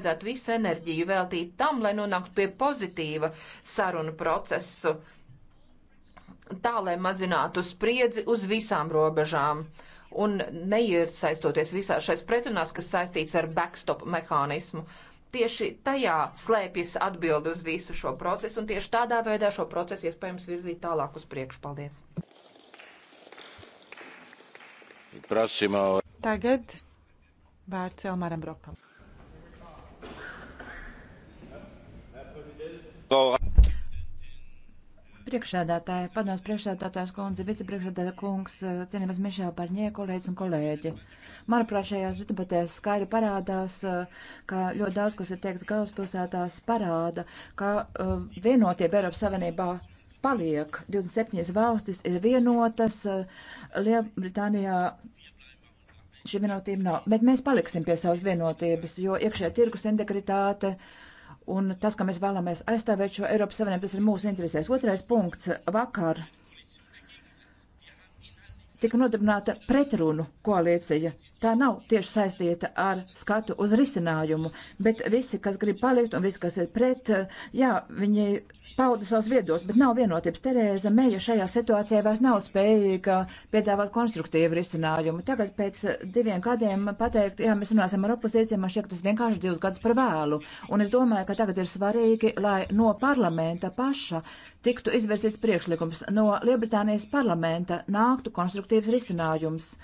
vajadzētu visu enerģiju veltīt tam, lai nonāktu pie pozitīva sarunu procesu, tā lai mazinātu spriedzi uz visām robežām un neiesaistoties visā šais pretrunās, kas saistīts ar backstop mehānismu. Tieši tajā slēpjas atbildi uz visu šo procesu, un tieši tādā veidā šo procesu iespējams virzīt tālāk uz priekšu. Paldies! Prasimo. Tagad vērts Elmaram Brokam. Priekšsēdētāja, padoms priekšsēdētājs kundze, vicepriekšsēdētāja kungs, cienījamies Mišēla Parņē, kolēģis un kolēģi. Manuprāt, šajās debatēs skaidri parādās, ka ļoti daudz, kas ir teikts galvaspilsētās, parāda, ka uh, vienotība Eiropas Savienībā paliek. 27 valstis ir vienotas, uh, Lielbritānijā šī vienotība nav, bet mēs paliksim pie savas vienotības, jo iekšē tirgus integritāte. Uh, un tas, ka mēs vēlamies aizstāvēt šo Eiropas Savienību, tas ir mūsu interesēs. Otrais punkts - vakar tika nodibināta pretrunu koalīcija. Tā nav tieši saistīta ar skatu uz risinājumu, bet visi, kas grib palikt un visi, kas ir pret, jā, viņi pauda savus viedos, bet nav vienotības. Terēza Meja šajā situācijā vairs nav spējīga piedāvāt konstruktīvu risinājumu. Tagad pēc diviem gadiem pateikt, jā, mēs runāsim ar opozīciju, man šķiet, tas vienkārši divus gadus par vēlu. Un es domāju, ka tagad ir svarīgi, lai no parlamenta paša tiktu izvērsīts priekšlikums, no Liebritānijas parlamenta nāktu konstruktīvs risinājums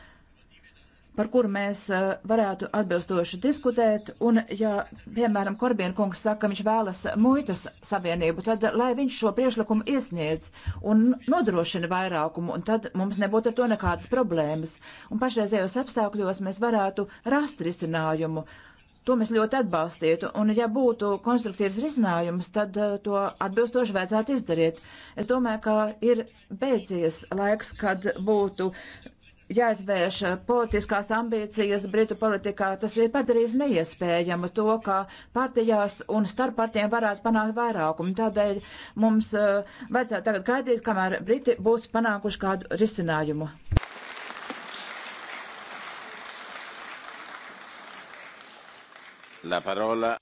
par kuru mēs eh, varētu atbilstoši diskutēt, un ja, piemēram, Korbien kungs saka, ka viņš vēlas muitas savienību, tad lai viņš šo priešlikumu iesniedz un nodrošina vairākumu, un tad mums nebūtu ar to nekādas problēmas. Un pašreizējos apstākļos mēs varētu rast risinājumu. To mēs ļoti atbalstītu, un ja būtu konstruktīvs risinājums, tad eh, to atbilstoši vajadzētu izdarīt. Es domāju, ka ir beidzies laiks, kad būtu jāizvērš eh, politiskās ambīcijas Britu politikā. Tas ir padarījis neiespējamu to, ka partijās un starp partijām varētu panākt vairākumu. Tādēļ mums uh, vajadzētu tagad gaidīt, kamēr Briti būs panākuši kādu risinājumu. La parola.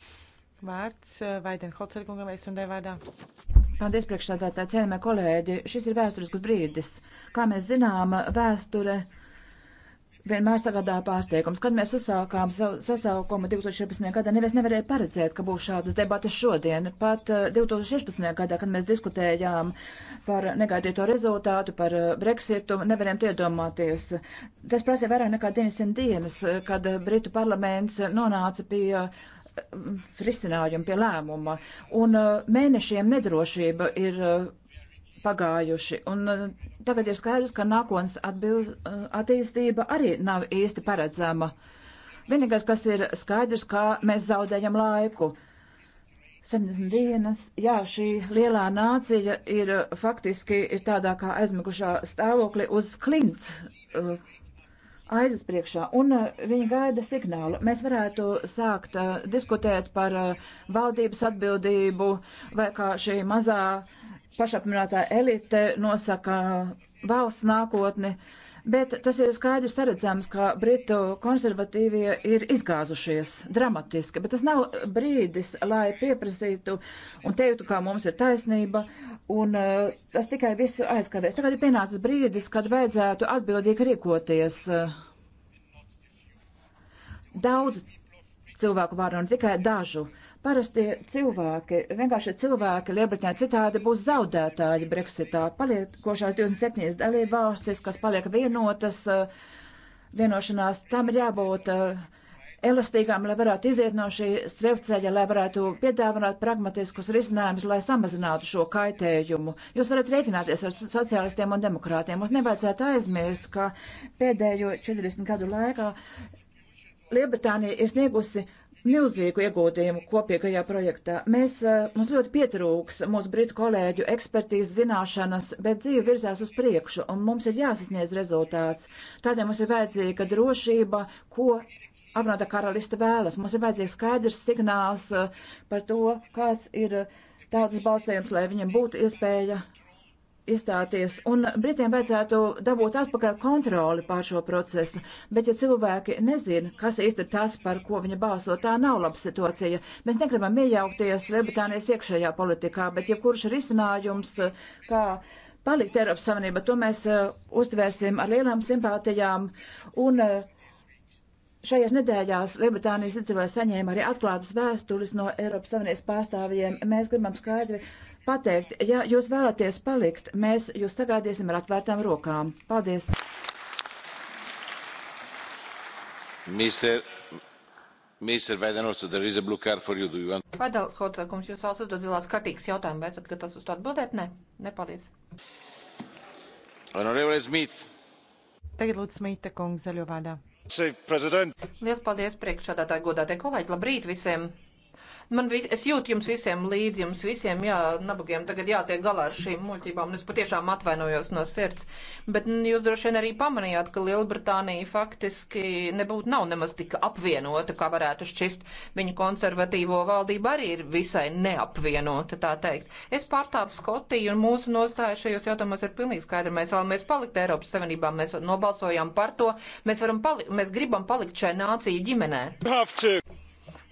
Vārds eh, Vaidenholcerkungam, es un tev vārdā. Paldies, priekšstādātāji, cienījamie kolēģi. Šis ir vēsturisks brīdis. Kā mēs zinām, vēsture vienmēr sagādā pārsteigums. Kad mēs uzsākām sasaukumu 2016. gadā, neviens nevarēja paredzēt, ka būs šādas debatas šodien. Pat 2016. Eh, gadā, kad mēs diskutējām par negaidīto rezultātu, par eh, Brexitu, nevarējām to iedomāties. Tas prasīja vairāk nekā 900 dienas, eh, kad Britu parlaments nonāca pie risinājumu pie lēmuma. Un uh, mēnešiem nedrošība ir uh, pagājuši. Un uh, tagad ir skaidrs, ka nākotnes attīstība arī nav īsti paredzama. Vienīgais, kas ir skaidrs, ka mēs zaudējam laiku. 70 dienas, jā, šī lielā nācija ir faktiski ir tādā kā aizmigušā stāvokli uz klints. Uh, aizas priekšā, un uh, viņi gaida signālu. Mēs varētu sākt uh, diskutēt par uh, valdības atbildību vai kā šī mazā pašapmierinātā elite nosaka valsts nākotni. Uh, Bet tas ir skaidrs redzams, ka Britu konservatīvie ir izgāzušies dramatiski, bet tas nav brīdis, lai pieprasītu un teiktu, kā mums ir taisnība, un uh, tas tikai visu aizkavēs. Tagad ir pienācis brīdis, kad vajadzētu atbildīgi rīkoties. Daudz cilvēku vārdu un tikai dažu. Uh, Parasti cilvēki, vienkārši cilvēki Lielbritānijā citādi būs zaudētāji Brexitā. Paliekošās 27 dalībvalstis, kas paliek vienotas, eh, vienošanās, tam ir jābūt eh, elastīgām, lai varētu iziet no šī strevceļa, lai varētu piedāvāt pragmatiskus risinājumus, lai samazinātu šo kaitējumu. Jūs varat rēķināties ar sociālistiem un demokrātiem. Mums nevajadzētu aizmirst, ka pēdējo 40 gadu laikā Lielbritānija ir sniegusi milzīgu ieguldījumu kopīgajā projektā. Mēs, eh, mums ļoti pietrūks mūsu britu kolēģu ekspertīzes zināšanas, bet dzīve virzās uz priekšu un mums ir jāsasniedz rezultāts. Tādēļ mums ir vajadzīga drošība, ko apvienotā karalista vēlas. Mums ir vajadzīgs skaidrs signāls eh, par to, kāds ir eh, tautas balsējums, lai viņam būtu iespēja izstāties, un Britiem vajadzētu dabūt atpakaļ kontroli pār šo procesu. Bet, ja cilvēki nezina, kas īsti ir tas, par ko viņi balso, tā nav laba situācija. Mēs negribam iejaukties Lielbritānijas iekšējā politikā, bet jebkurš ja risinājums, kā palikt Eiropas Savienība, to mēs uh, eh, uztvērsim ar lielām simpātijām. Un, uh, Šajās nedēļās Lielbritānijas iedzīvotāji saņēma arī atklātas vēstules no Eiropas Savienības pārstāvjiem. Mēs gribam skaidri pateikt, ja jūs vēlaties palikt, mēs jūs sagaidīsim ar atvērtām rokām. Paldies! Mister... Want... Padal, Hodzakungs, jūs vēlas uzdot zilās kartīgas jautājumu, vai esat gatavs uz to atbildēt? Nē, nepaldies. Honorable Smith. Tagad lūdzu Smita kungs zaļo vārdā. Liels paldies priekšādātāji godātie kolēģi. Labrīt visiem! Man vis, es jūtu jums visiem līdzi, jums visiem, jā, nabagiem tagad jātiek galā ar šīm muļķībām. Es patiešām atvainojos no sirds. Bet jūs droši vien arī pamanījāt, ka Lielbritānija faktiski nebūtu nav nemaz tik apvienota, kā varētu šķist. Viņa konservatīvo valdība arī ir visai neapvienota, tā teikt. Es pārstāvu Skotiju un mūsu nostāja šajos jautājumos ir pilnīgi skaidra. Mēs vēlamies palikt Eiropas Savienībā, mēs nobalsojām par to. Mēs, pali mēs gribam palikt šai nāciju ģimenē.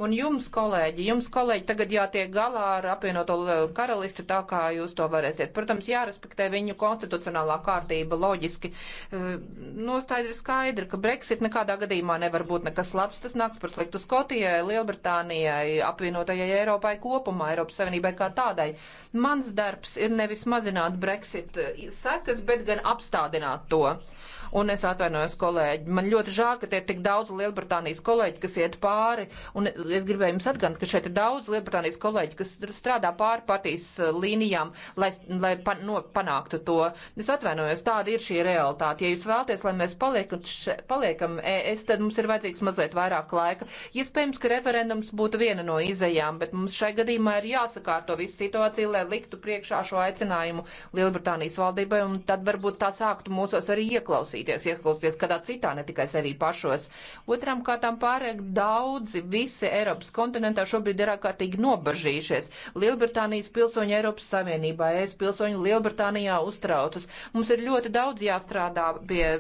Un jums, kolēģi, jums, kolēģi, tagad jātiek galā ar apvienoto karalisti tā, kā jūs to varēsiet. Protams, jārespektē viņu konstitucionālā kārtība loģiski. Eh, nostāja ir skaidra, ka Brexit nekādā gadījumā nevar būt nekas labs. Tas nāks par sliktu Skotijai, Lielbritānijai, apvienotajai Eiropai kopumā, Eiropas Savienībai kā tādai. Mans darbs ir nevis mazināt Brexit eh, sekas, bet gan apstādināt to. Un es atvainojos, kolēģi, man ļoti žēl, ka te ir tik daudz Lielbritānijas kolēģi, kas iet pāri, un es gribēju jums atgādināt, ka šeit ir daudz Lielbritānijas kolēģi, kas strādā pāri partijas eh, līnijām, lai, lai pan, no, panāktu to. Es atvainojos, tāda ir šī realitāte. Ja jūs vēlaties, lai mēs paliekam, še, paliekam ES, tad mums ir vajadzīgs mazliet vairāk laika. Iespējams, ja ka referendums būtu viena no izējām, bet mums šai gadījumā ir jāsakārto visu situāciju, lai liktu priekšā šo aicinājumu Lielbritānijas valdībai, un tad varbūt tā sāktu mūsos arī ieklausīt klausīties, ieklausīties kādā citā, ne tikai sevī pašos. Otram kārtām pārāk daudzi visi Eiropas kontinentā šobrīd ir ārkārtīgi nobažījušies. Lielbritānijas pilsoņi Eiropas Savienībā, es pilsoņu Lielbritānijā uztraucas. Mums ir ļoti daudz jāstrādā pie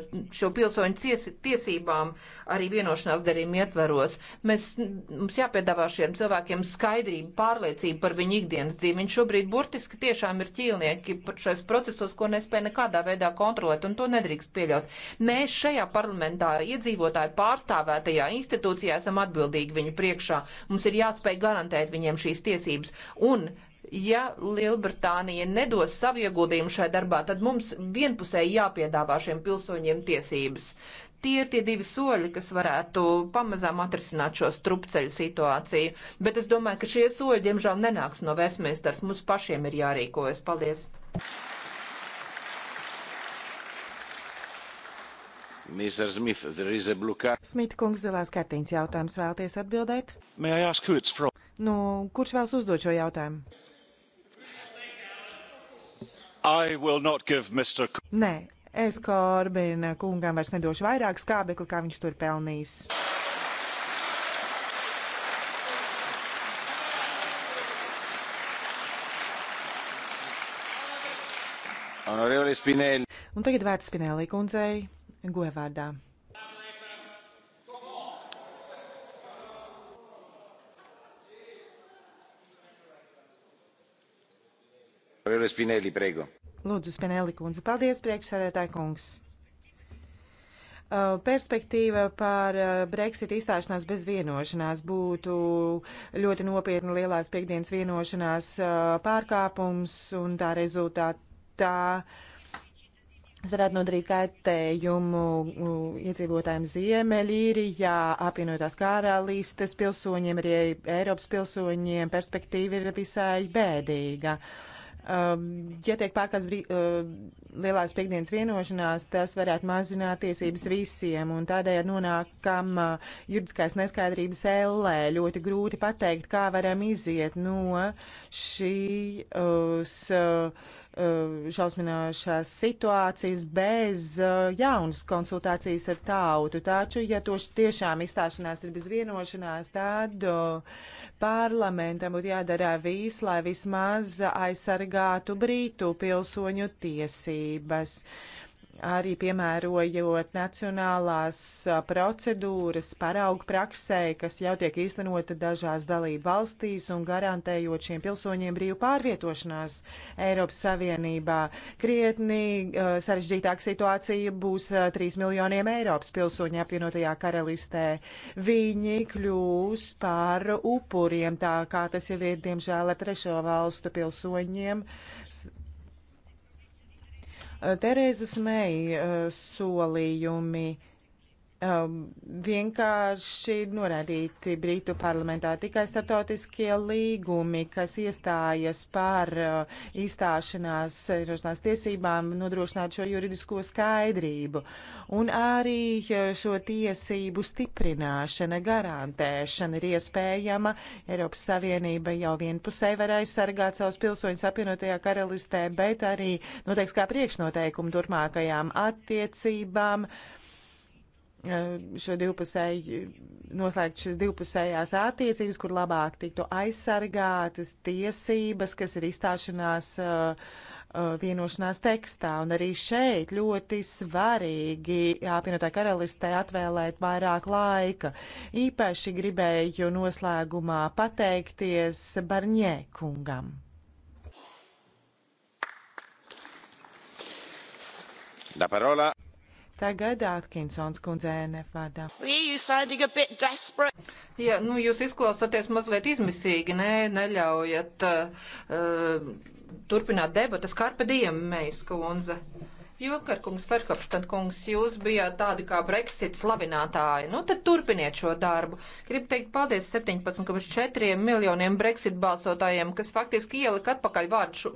šo pilsoņu cies, tiesībām arī vienošanās darījuma ietveros. Mēs, mums jāpiedāvā šiem cilvēkiem skaidrība, pārliecība par viņu ikdienas dzīvi. Viņi šobrīd burtiski tiešām ir ķīlnieki šajos procesos, ko nespēja nekādā veidā kontrolēt, un to nedrīkst pieļaut. Mēs šajā parlamentā iedzīvotāju pārstāvētajā institūcijā esam atbildīgi viņu priekšā. Mums ir jāspēj garantēt viņiem šīs tiesības. Un ja Lielbritānija nedos savu ieguldījumu šajā darbā, tad mums vienpusēji jāpiedāvā šiem pilsoņiem tiesības. Tie ir tie divi soļi, kas varētu pamazām atrisināt šo strupceļu situāciju. Bet es domāju, ka šie soļi, diemžēl, nenāks no Vēsmēstars. Mums pašiem ir jārīkojas. Paldies! Smith, Smita kungs, zilās kartīņas jautājums vēlties atbildēt? From... Nu, kurš vēlas uzdot šo jautājumu? Mr... Nē, es Korbina kungam vairs nedošu vairāk skābekli, kā viņš tur pelnīs. Un tagad vērts Spinelli kundzei. Goevārdā. Spinelli, prego. Lūdzu, Spinelli kundze, paldies, priekšsēdētāji kungs perspektīva par Brexit izstāšanās bez vienošanās būtu ļoti nopietna lielās piekdienas vienošanās pārkāpums un tā rezultātā. Tas varētu nodarīt kaitējumu iedzīvotājiem Ziemeļīrijā, apvienotās karalistes pilsoņiem, arī Eiropas pilsoņiem perspektīva ir visai bēdīga. Um, ja tiek pārkāpts um, lielās piekdienas vienošanās, tas varētu mazināt tiesības visiem, un tādēļ nonākam uh, juridiskais neskaidrības ellē. Ļoti grūti pateikt, kā varam iziet no šīs. Uh, Eh, šausminošās situācijas bez eh, jaunas konsultācijas ar tautu. Taču, ja to tiešām izstāšanās ir bez vienošanās, tad eh, parlamentam būtu jādara viss, lai vismaz aizsargātu brītu pilsoņu tiesības. Uh, arī piemērojot nacionālās procedūras paraugu praksē, kas jau tiek īstenota dažās dalību valstīs un garantējot šiem pilsoņiem brīvu pārvietošanās Eiropas Savienībā. Krietni uh, sarežģītāka situācija būs uh, 3 miljoniem Eiropas pilsoņu apvienotajā karalistē. Viņi kļūs par upuriem, tā kā tas jau ir, diemžēl, ar trešo valstu pilsoņiem Terēzas Mei eh, solījumi um, vienkārši norādīti Brītu parlamentā tikai startautiskie līgumi, kas iestājas par uh, izstāšanās Eirošanās tiesībām, nodrošināt šo juridisko skaidrību. Un arī uh, šo tiesību stiprināšana, garantēšana ir iespējama. Eiropas Savienība jau vienpusē var aizsargāt savus pilsoņus apvienotajā karalistē, bet arī noteiks kā priekšnoteikumu turpmākajām attiecībām. Uh, Eh, šo divpusēju, noslēgt šīs divpusējās attiecības, kur labāk tiktu aizsargātas tiesības, kas ir izstāšanās uh, vienošanās tekstā. Un arī šeit ļoti svarīgi apvienotā karalistē atvēlēt vairāk laika. Īpaši gribēju noslēgumā pateikties Barņē kungam. La parola Tagad Atkinsons kundze ENF vārdā. Jā, nu jūs izklausāties mazliet izmisīgi, ne, neļaujat uh, uh turpināt debatas Karpa Diem, Meis kundze. Junkerkungs, Ferhofštad kungs, jūs bijāt tādi kā Brexit slavinātāji. Nu, tad turpiniet šo darbu. Gribu teikt paldies 17,4 miljoniem Brexit balsotājiem, kas faktiski ielika atpakaļ vārdu šo,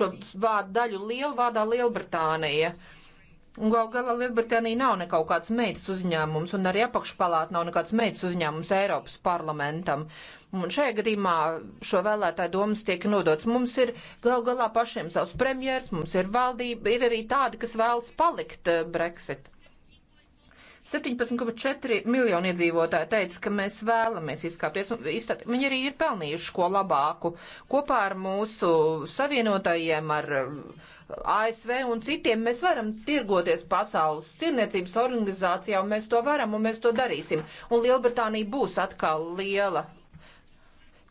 šo vārdu daļu lielu vārdā Lielbritānija. Uh, Un gal galā Lielbritānija nav nekaut kāds meitas uzņēmums, un arī apakšpalāta nav nekāds meitas uzņēmums Eiropas parlamentam. Un šajā gadījumā šo vēlētāju domas tiek nodots. Mums ir gal galā pašiem savs premjers, mums ir valdība, ir arī tādi, kas vēlas palikt eh, Brexit. 17,4 miljoni iedzīvotāji teica, ka mēs vēlamies izkāpties. Izstāt, viņi arī ir pelnījuši ko labāku kopā ar mūsu savienotājiem, ar uh, ASV un citiem. Mēs varam tirgoties pasaules tirniecības organizācijā, un mēs to varam, un mēs to darīsim. Un Lielbritānija būs atkal liela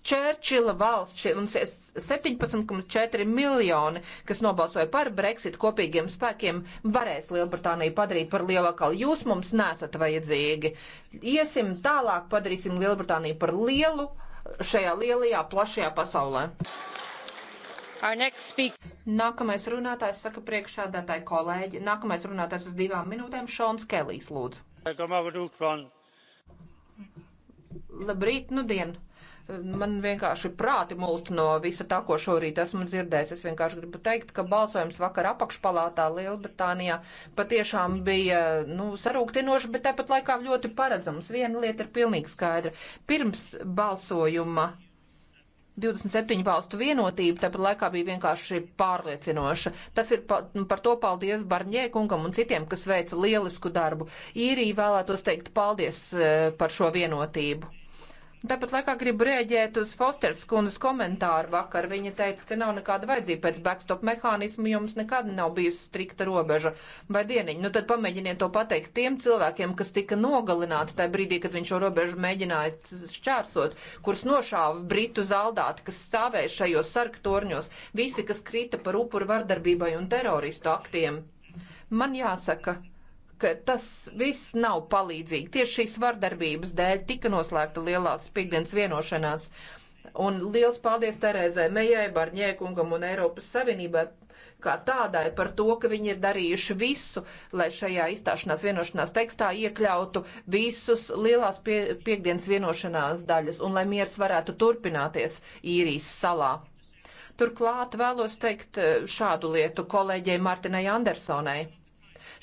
Čērčila valsts un 17,4 miljoni, kas nobalsoja par Brexit kopīgiem spēkiem, varēs Lielbritāniju padarīt par lielākalu. Jūs mums nesat vajadzīgi. Iesim tālāk, padarīsim Lielbritāniju par lielu šajā lielajā, plašajā pasaulē. Nākamais runātājs saka priekšādātāji kolēģi. Nākamais runātājs uz divām minūtēm - Šons Kelijs, lūdzu. Labrīt, nudien! man vienkārši prāti mulst no visa tā, ko šorīt esmu dzirdējis. Es vienkārši gribu teikt, ka balsojums vakar apakšpalātā Lielbritānijā patiešām bija nu, sarūktinoši, bet tāpat laikā ļoti paredzams. Viena lieta ir pilnīgi skaidra. Pirms balsojuma 27 valstu vienotība, tāpat laikā bija vienkārši pārliecinoša. Tas ir pa, nu, par to paldies Barņē kungam un citiem, kas veica lielisku darbu. Īrija vēlētos teikt paldies eh, par šo vienotību. Tāpat laikā gribu rēģēt uz Fosters kundas komentāru vakar. Viņa teica, ka nav nekāda vajadzība pēc backstop mehānismu, jo mums nekad nav bijusi strikta robeža vai dieniņa. Nu tad pamēģiniet to pateikt tiem cilvēkiem, kas tika nogalināti tajā brīdī, kad viņš šo robežu mēģināja šķērsot, kurus nošāva britu zaldāti, kas stāvēja šajos sarktorņos, visi, kas krita par upuru vardarbībai un teroristu aktiem. Man jāsaka, ka tas viss nav palīdzīgi. Tieši šīs vardarbības dēļ tika noslēgta lielās spīdienas vienošanās. Un liels paldies Terēzai Mejai, Barņēkungam un Eiropas Savienībai kā tādai par to, ka viņi ir darījuši visu, lai šajā izstāšanās vienošanās tekstā iekļautu visus lielās pie, piekdienas vienošanās daļas un lai miers varētu turpināties īrijas salā. Turklāt vēlos teikt eh, šādu lietu kolēģei Martinai Andersonai.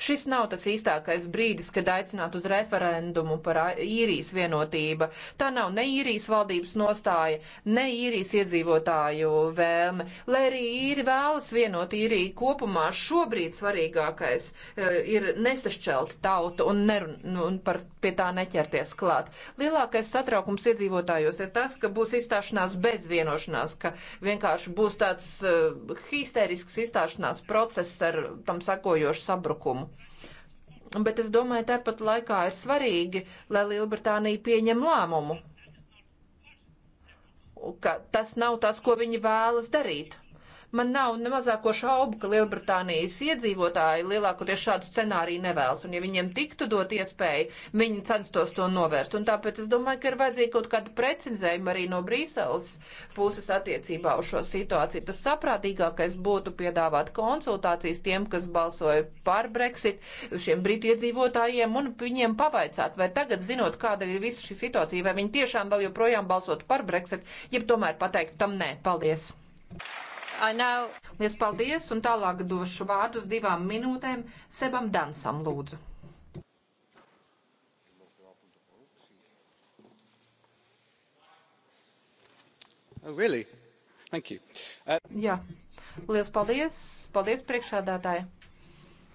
Šis nav tas īstākais brīdis, kad aicināt uz referendumu par īrijas vienotība. Tā nav ne īrijas valdības nostāja, ne īrijas iedzīvotāju vēlme. Lai arī īri vēlas vienot īriju kopumā, šobrīd svarīgākais e, ir nesašķelt tautu un, nerun, nu, un par, pie tā neķerties klāt. Lielākais satraukums iedzīvotājos ir tas, ka būs izstāšanās bez vienošanās, ka vienkārši būs tāds uh, e, histērisks izstāšanās process ar tam sakojošu sabrukumu bet es domāju, tāpat laikā ir svarīgi, lai Lielbritānija pieņem lēmumu, ka tas nav tas, ko viņi vēlas darīt. Man nav ne mazāko šaubu, ka Lielbritānijas iedzīvotāji lielākoties šādu scenāriju nevēlas, un ja viņiem tiktu dot iespēju, viņi censtos to novērst. Un tāpēc es domāju, ka ir vajadzīga kaut kāda precizējuma arī no Brīseles puses attiecībā uz šo situāciju. Tas saprātīgākais būtu piedāvāt konsultācijas tiem, kas balsoja par Brexit, šiem Britu iedzīvotājiem, un viņiem pavaicāt, vai tagad, zinot, kāda ir visa šī situācija, vai viņi tiešām vēl joprojām balsot par Brexit, jeb tomēr pateikt tam nē. Paldies! Now... Lies paldies, un tālāk došu vārdu uz divām minūtēm Sebam Dansam, lūdzu. Oh, really? Thank you. Uh... Jā, liels paldies, paldies priekšādātāji.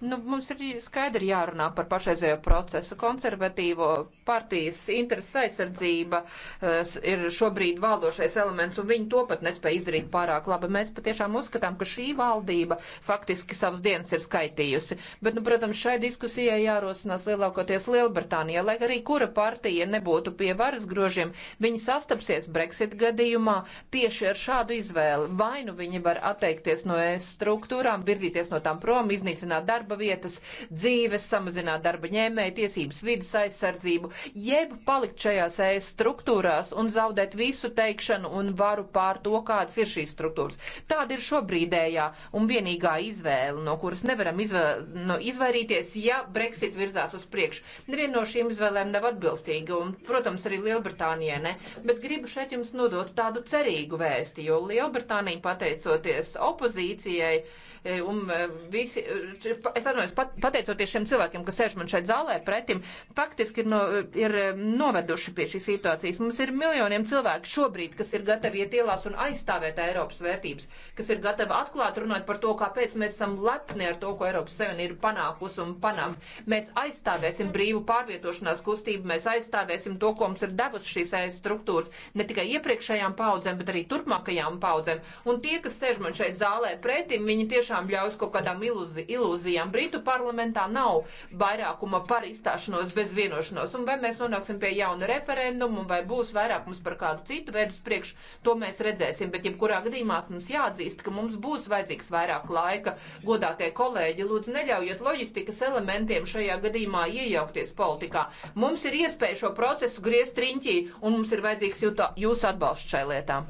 Nu, mums ir skaidri jārunā par pašreizējo procesu. Konservatīvo partijas intereses aizsardzība eh, ir šobrīd valdošais elements, un viņi to pat nespēja izdarīt pārāk labi. Mēs patiešām uzskatām, ka šī valdība faktiski savas dienas ir skaitījusi. Bet, nu, protams, šai diskusijai jārosinās lielākoties Lielbritānijā, lai arī kura partija nebūtu pie varas grožiem, viņi sastapsies Brexit gadījumā tieši ar šādu izvēli. Vai nu viņi var atteikties no ES struktūrām, virzīties no tām prom, iznīcināt darba vietas, dzīves, samazināt darba ņēmēju tiesības, vidas aizsardzību, jeb palikt šajās ES struktūrās un zaudēt visu teikšanu un varu pār to, kādas ir šīs struktūras. Tāda ir šobrīdējā un vienīgā izvēle, no kuras nevaram izvēl, no, izvairīties, ja Brexit virzās uz priekšu. Neviena no šīm izvēlēm nav atbilstīga, un, protams, arī Lielbritānijai ne, bet gribu šeit jums nodot tādu cerīgu vēsti, jo Lielbritānija pateicoties opozīcijai, uh, E, un e, visi, e, es atvainojos, pat, pateicoties šiem cilvēkiem, kas sēž man šeit zālē pretim, faktiski ir, no, ir noveduši pie šīs situācijas. Mums ir miljoniem cilvēku šobrīd, kas ir gatavi iet ielās un aizstāvēt Eiropas vērtības, kas ir gatavi atklāt runāt par to, kāpēc mēs esam lepni ar to, ko Eiropas Savienība ir panākusi un panāks. Mēs aizstāvēsim brīvu pārvietošanās kustību, mēs aizstāvēsim to, ko mums ir devusi šīs ēst struktūras, ne tikai iepriekšējām paudzēm, bet arī turpmākajām paudzēm. Un tie, kas sēž man šeit zālē pretim, viņi tiešām tiešām ļaus kaut kādām iluzi, ilūzijām. Britu parlamentā nav vairākuma par izstāšanos bez vienošanos. Un vai mēs nonāksim pie jauna referendumu, vai būs vairākums par kādu citu veidu uz priekšu, to mēs redzēsim. Bet jebkurā gadījumā mums jāatzīst, ka mums būs vajadzīgs vairāk laika. Godātie kolēģi, lūdzu, neļaujiet loģistikas elementiem šajā gadījumā iejaukties politikā. Mums ir iespēja šo procesu griezt riņķī, un mums ir vajadzīgs jūsu atbalsts šai lietā.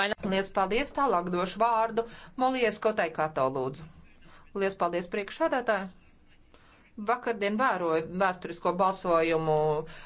Lielas paldies, tālāk došu vārdu Molies Kotai Kato lūdzu. Lielas paldies priekšsādātāji! Vakardien vēroju vēsturisko balsojumu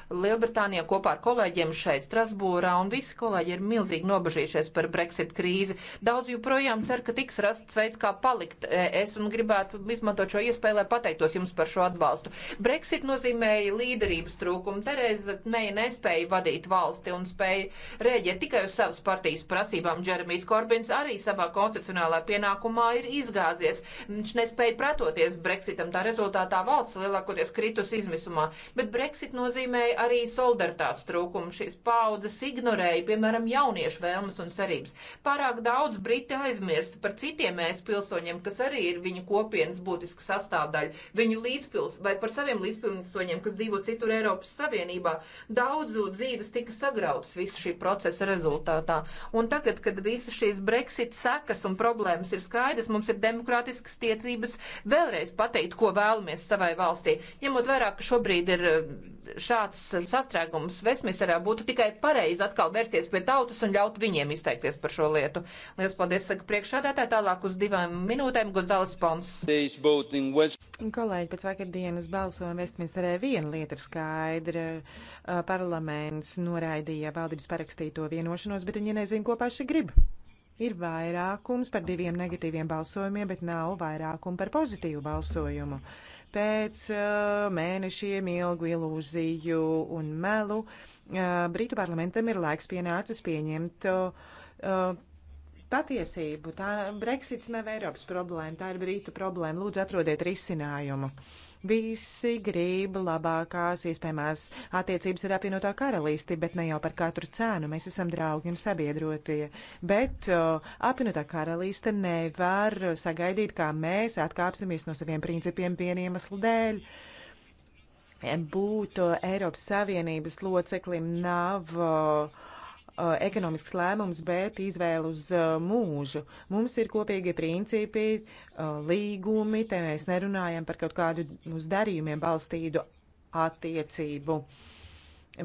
Lielbritānijā kopā ar kolēģiem šeit, Strasbūrā, un visi kolēģi ir milzīgi nobežījušies par Brexit krīzi. Daudz joprojām cer, ka tiks rasts veids, kā palikt. Es un gribētu izmantot šo iespēju, lai pateiktos jums par šo atbalstu. Brexit nozīmēja līderības trūkumu. Tereza Meija nespēja vadīt valsti un spēja rēģēt tikai uz savas partijas prasībām. Džeremijs Korbins arī savā konstitucionālā pienākumā ir izgāzies. Viņš nespēja pretoties Brexitam. Tā rezultātā valsts valsts lielākoties kritus izmisumā, bet Brexit nozīmēja arī solidaritātes trūkumu. Šīs paudzes ignorēja, piemēram, jauniešu vēlmes un cerības. Pārāk daudz briti aizmirst par citiem ēs pilsoņiem, kas arī ir viņu kopienas būtiska sastāvdaļa, viņu līdzpils vai par saviem līdzpilsoņiem, kas dzīvo citur Eiropas Savienībā. Daudzu dzīves tika sagrautas visu šī procesa rezultātā. Un tagad, kad visas šīs Brexit sekas un problēmas ir skaidrs, mums ir demokrātiskas tiecības vēlreiz pateikt, ko vēlamies savai šai valstī. Ņemot vērā, ka šobrīd ir eh, šāds sastrēgums Vesmisarā, būtu tikai pareizi atkal vērsties pie tautas un ļaut viņiem izteikties par šo lietu. Lielas paldies, saka priekšādātāji, tālāk uz divām minūtēm Gonzales Pons. Kolēģi, pēc vakardienas balsojuma Vestminsterē viena lieta ir skaidra. Parlaments noraidīja valdības parakstīto vienošanos, bet viņi nezin, ko paši grib. Ir vairākums par diviem negatīviem balsojumiem, bet nav vairākumu par pozitīvu balsojumu. Uh, pēc uh, mēnešiem ilgu ilūziju un melu. Uh, Brītu parlamentam ir laiks pienācis pieņemt uh, patiesību. Tā Brexits nav Eiropas problēma, tā ir Brītu problēma. Lūdzu, atrodiet risinājumu. Visi grib labākās iespējamās attiecības ar apvienotā karalisti, bet ne jau par katru cēnu. Mēs esam draugi un sabiedrotie. Bet uh, apvienotā karaliste nevar sagaidīt, kā mēs atkāpsimies no saviem principiem vieniemeslu dēļ būt Eiropas Savienības loceklim nav uh, Uh, ekonomisks lēmums, bet izvēle uz uh, mūžu. Mums ir kopīgie principi, uh, līgumi, te mēs nerunājam par kaut kādu uz darījumiem balstītu attiecību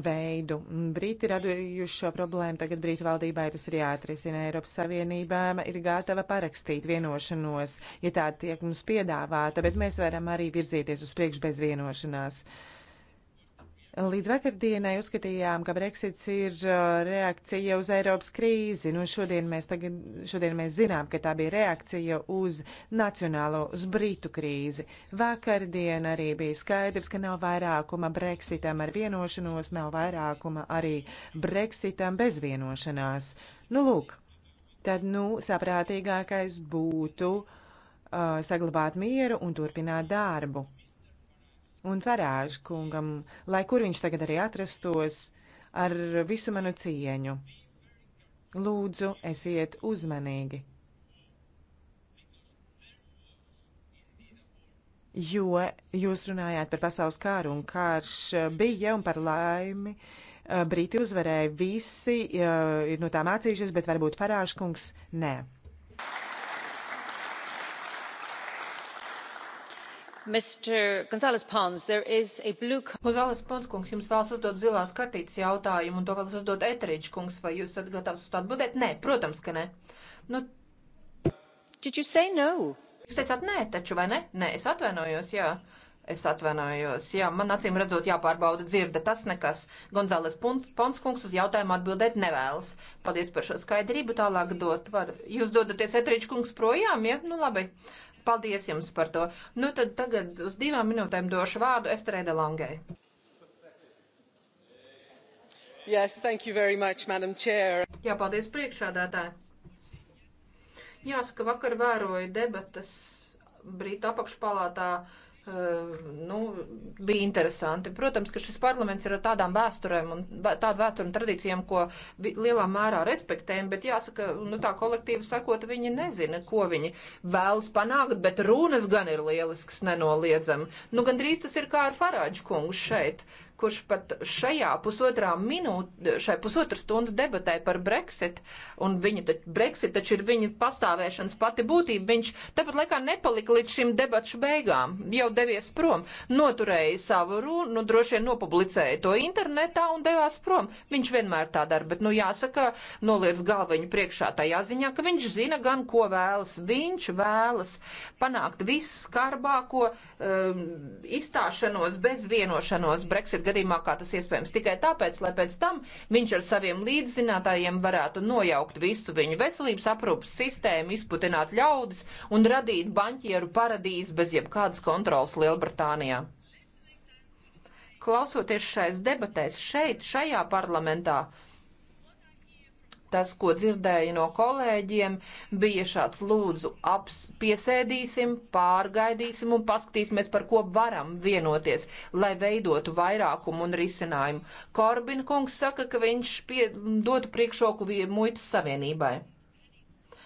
veidu. Brīti radījuši šo problēmu, tagad Brītu valdībai tas ir jāatrisina. Eiropas Savienībā ir gatava parakstīt vienošanos, ja tā tiek mums piedāvāta, bet mēs varam arī virzīties uz priekšu bez vienošanās. Uh, Līdz vakardienai uzskatījām, ka Brexits ir uh, reakcija uz Eiropas krīzi. Nu, šodien, mēs tagad, šodien mēs zinām, ka tā bija reakcija uz nacionālo, uz Britu krīzi. Vakardien arī bija skaidrs, ka nav vairākuma Brexitam ar vienošanos, nav vairākuma arī Brexitam bez vienošanās. Nu, lūk, tad, nu, saprātīgākais būtu uh, saglabāt mieru un turpināt darbu un Farāžu kungam, lai kur viņš tagad arī atrastos, ar visu manu cieņu. Lūdzu, esiet uzmanīgi. Jo jūs runājāt par pasaules kāru un karš bija un par laimi. Eh, Brīti uzvarēja, visi eh, ir no tā mācījušies, bet varbūt Farāžkungs nē. Gonzāles Pons kungs, jums vēlas uzdot zilās kartītes jautājumu, un to vēlas uzdot Eteriģis kungs. Vai jūs esat gatavs uz to atbildēt? Nē, protams, ka nē. Nu, Did you say no? Jūs teicāt nē, taču vai ne? Nē, es atvainojos, jā. Es atvainojos. Jā, man acīm redzot, jāpārbauda dzirde. Tas nekas. Gonzāles Ponskungs uz jautājumu atbildēt nevēlas. Paldies par šo skaidrību. Tālāk dot var. Jūs dodaties Etričkungs projām, ja? Nu labi. Paldies jums par to. Nu tad tagad uz divām minūtēm došu vārdu Esterē Delangai. Yes, thank you very much, Madam Chair. Jā, paldies priekšādātāji. Jāsaka, vakar vēroju debatas Brītu apakšpalātā Eh, nu, bija interesanti. Protams, ka šis parlaments ir ar tādām vēsturēm un tādu vēsturu un tradīcijām, ko lielā mērā respektējam, bet jāsaka, nu tā kolektīvi sakot, viņi nezina, ko viņi vēlas panākt, bet runas gan ir lielisks, nenoliedzami. Nu, gandrīz tas ir kā ar Farāģu kungu šeit. Mm kurš pat šajā pusotrā minūte, šai pusotru stundu debatē par Brexit, un viņa taču, Brexit taču ir viņa pastāvēšanas pati būtība, viņš tāpat laikā nepalika līdz šim debatšu beigām, jau devies prom, noturēja savu runu, nu, droši vien nopublicēja to internetā un devās prom. Viņš vienmēr tā dara, bet, nu, jāsaka, noliec galviņu priekšā tajā ziņā, ka viņš zina gan, ko vēlas. Viņš vēlas panākt visu skarbāko um, izstāšanos bez vienošanos Brexit Brexit gadījumā, kā tas iespējams tikai tāpēc, lai pēc tam viņš ar saviem līdzzinātājiem varētu nojaukt visu viņu veselības aprūpas sistēmu, izputināt ļaudis un radīt banķieru paradīzi bez jebkādas kontrolas Lielbritānijā klausoties šais debatēs šeit, šajā parlamentā, tas, ko dzirdēju no kolēģiem, bija šāds lūdzu aps, piesēdīsim, pārgaidīsim un paskatīsimies, par ko varam vienoties, lai veidotu vairākumu un risinājumu. Korbin kungs saka, ka viņš pie, dotu priekšroku muitas savienībai.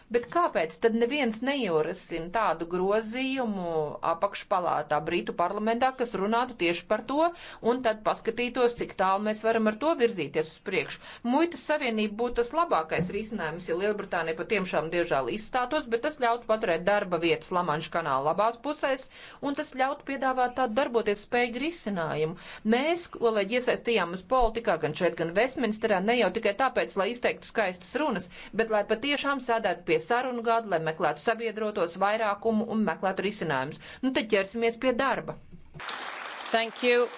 Bet kāpēc tad neviens neierasina tādu grozījumu apakšpalātā Britu parlamentā, kas runātu tieši par to, un tad paskatītos, cik tālu mēs varam ar to virzīties uz priekšu? Muitas savienība būtu tas labākais risinājums, ja Lielbritānija patiešām diežāli izstātos, bet tas ļautu paturēt darba vietas Lamanša kanāla labās pusēs, un tas ļautu piedāvāt tādu darboties spēju risinājumu. Mēs, kolēģi, iesaistījāmies politikā gan šeit, gan Vestminsterā ne jau tikai tāpēc, lai izteiktu skaistas runas, bet lai patiešām sēdētu pie pie sarunu gada, lai meklētu sabiedrotos vairākumu un meklētu risinājumus. Nu, tad ķersimies pie darba. Thank you.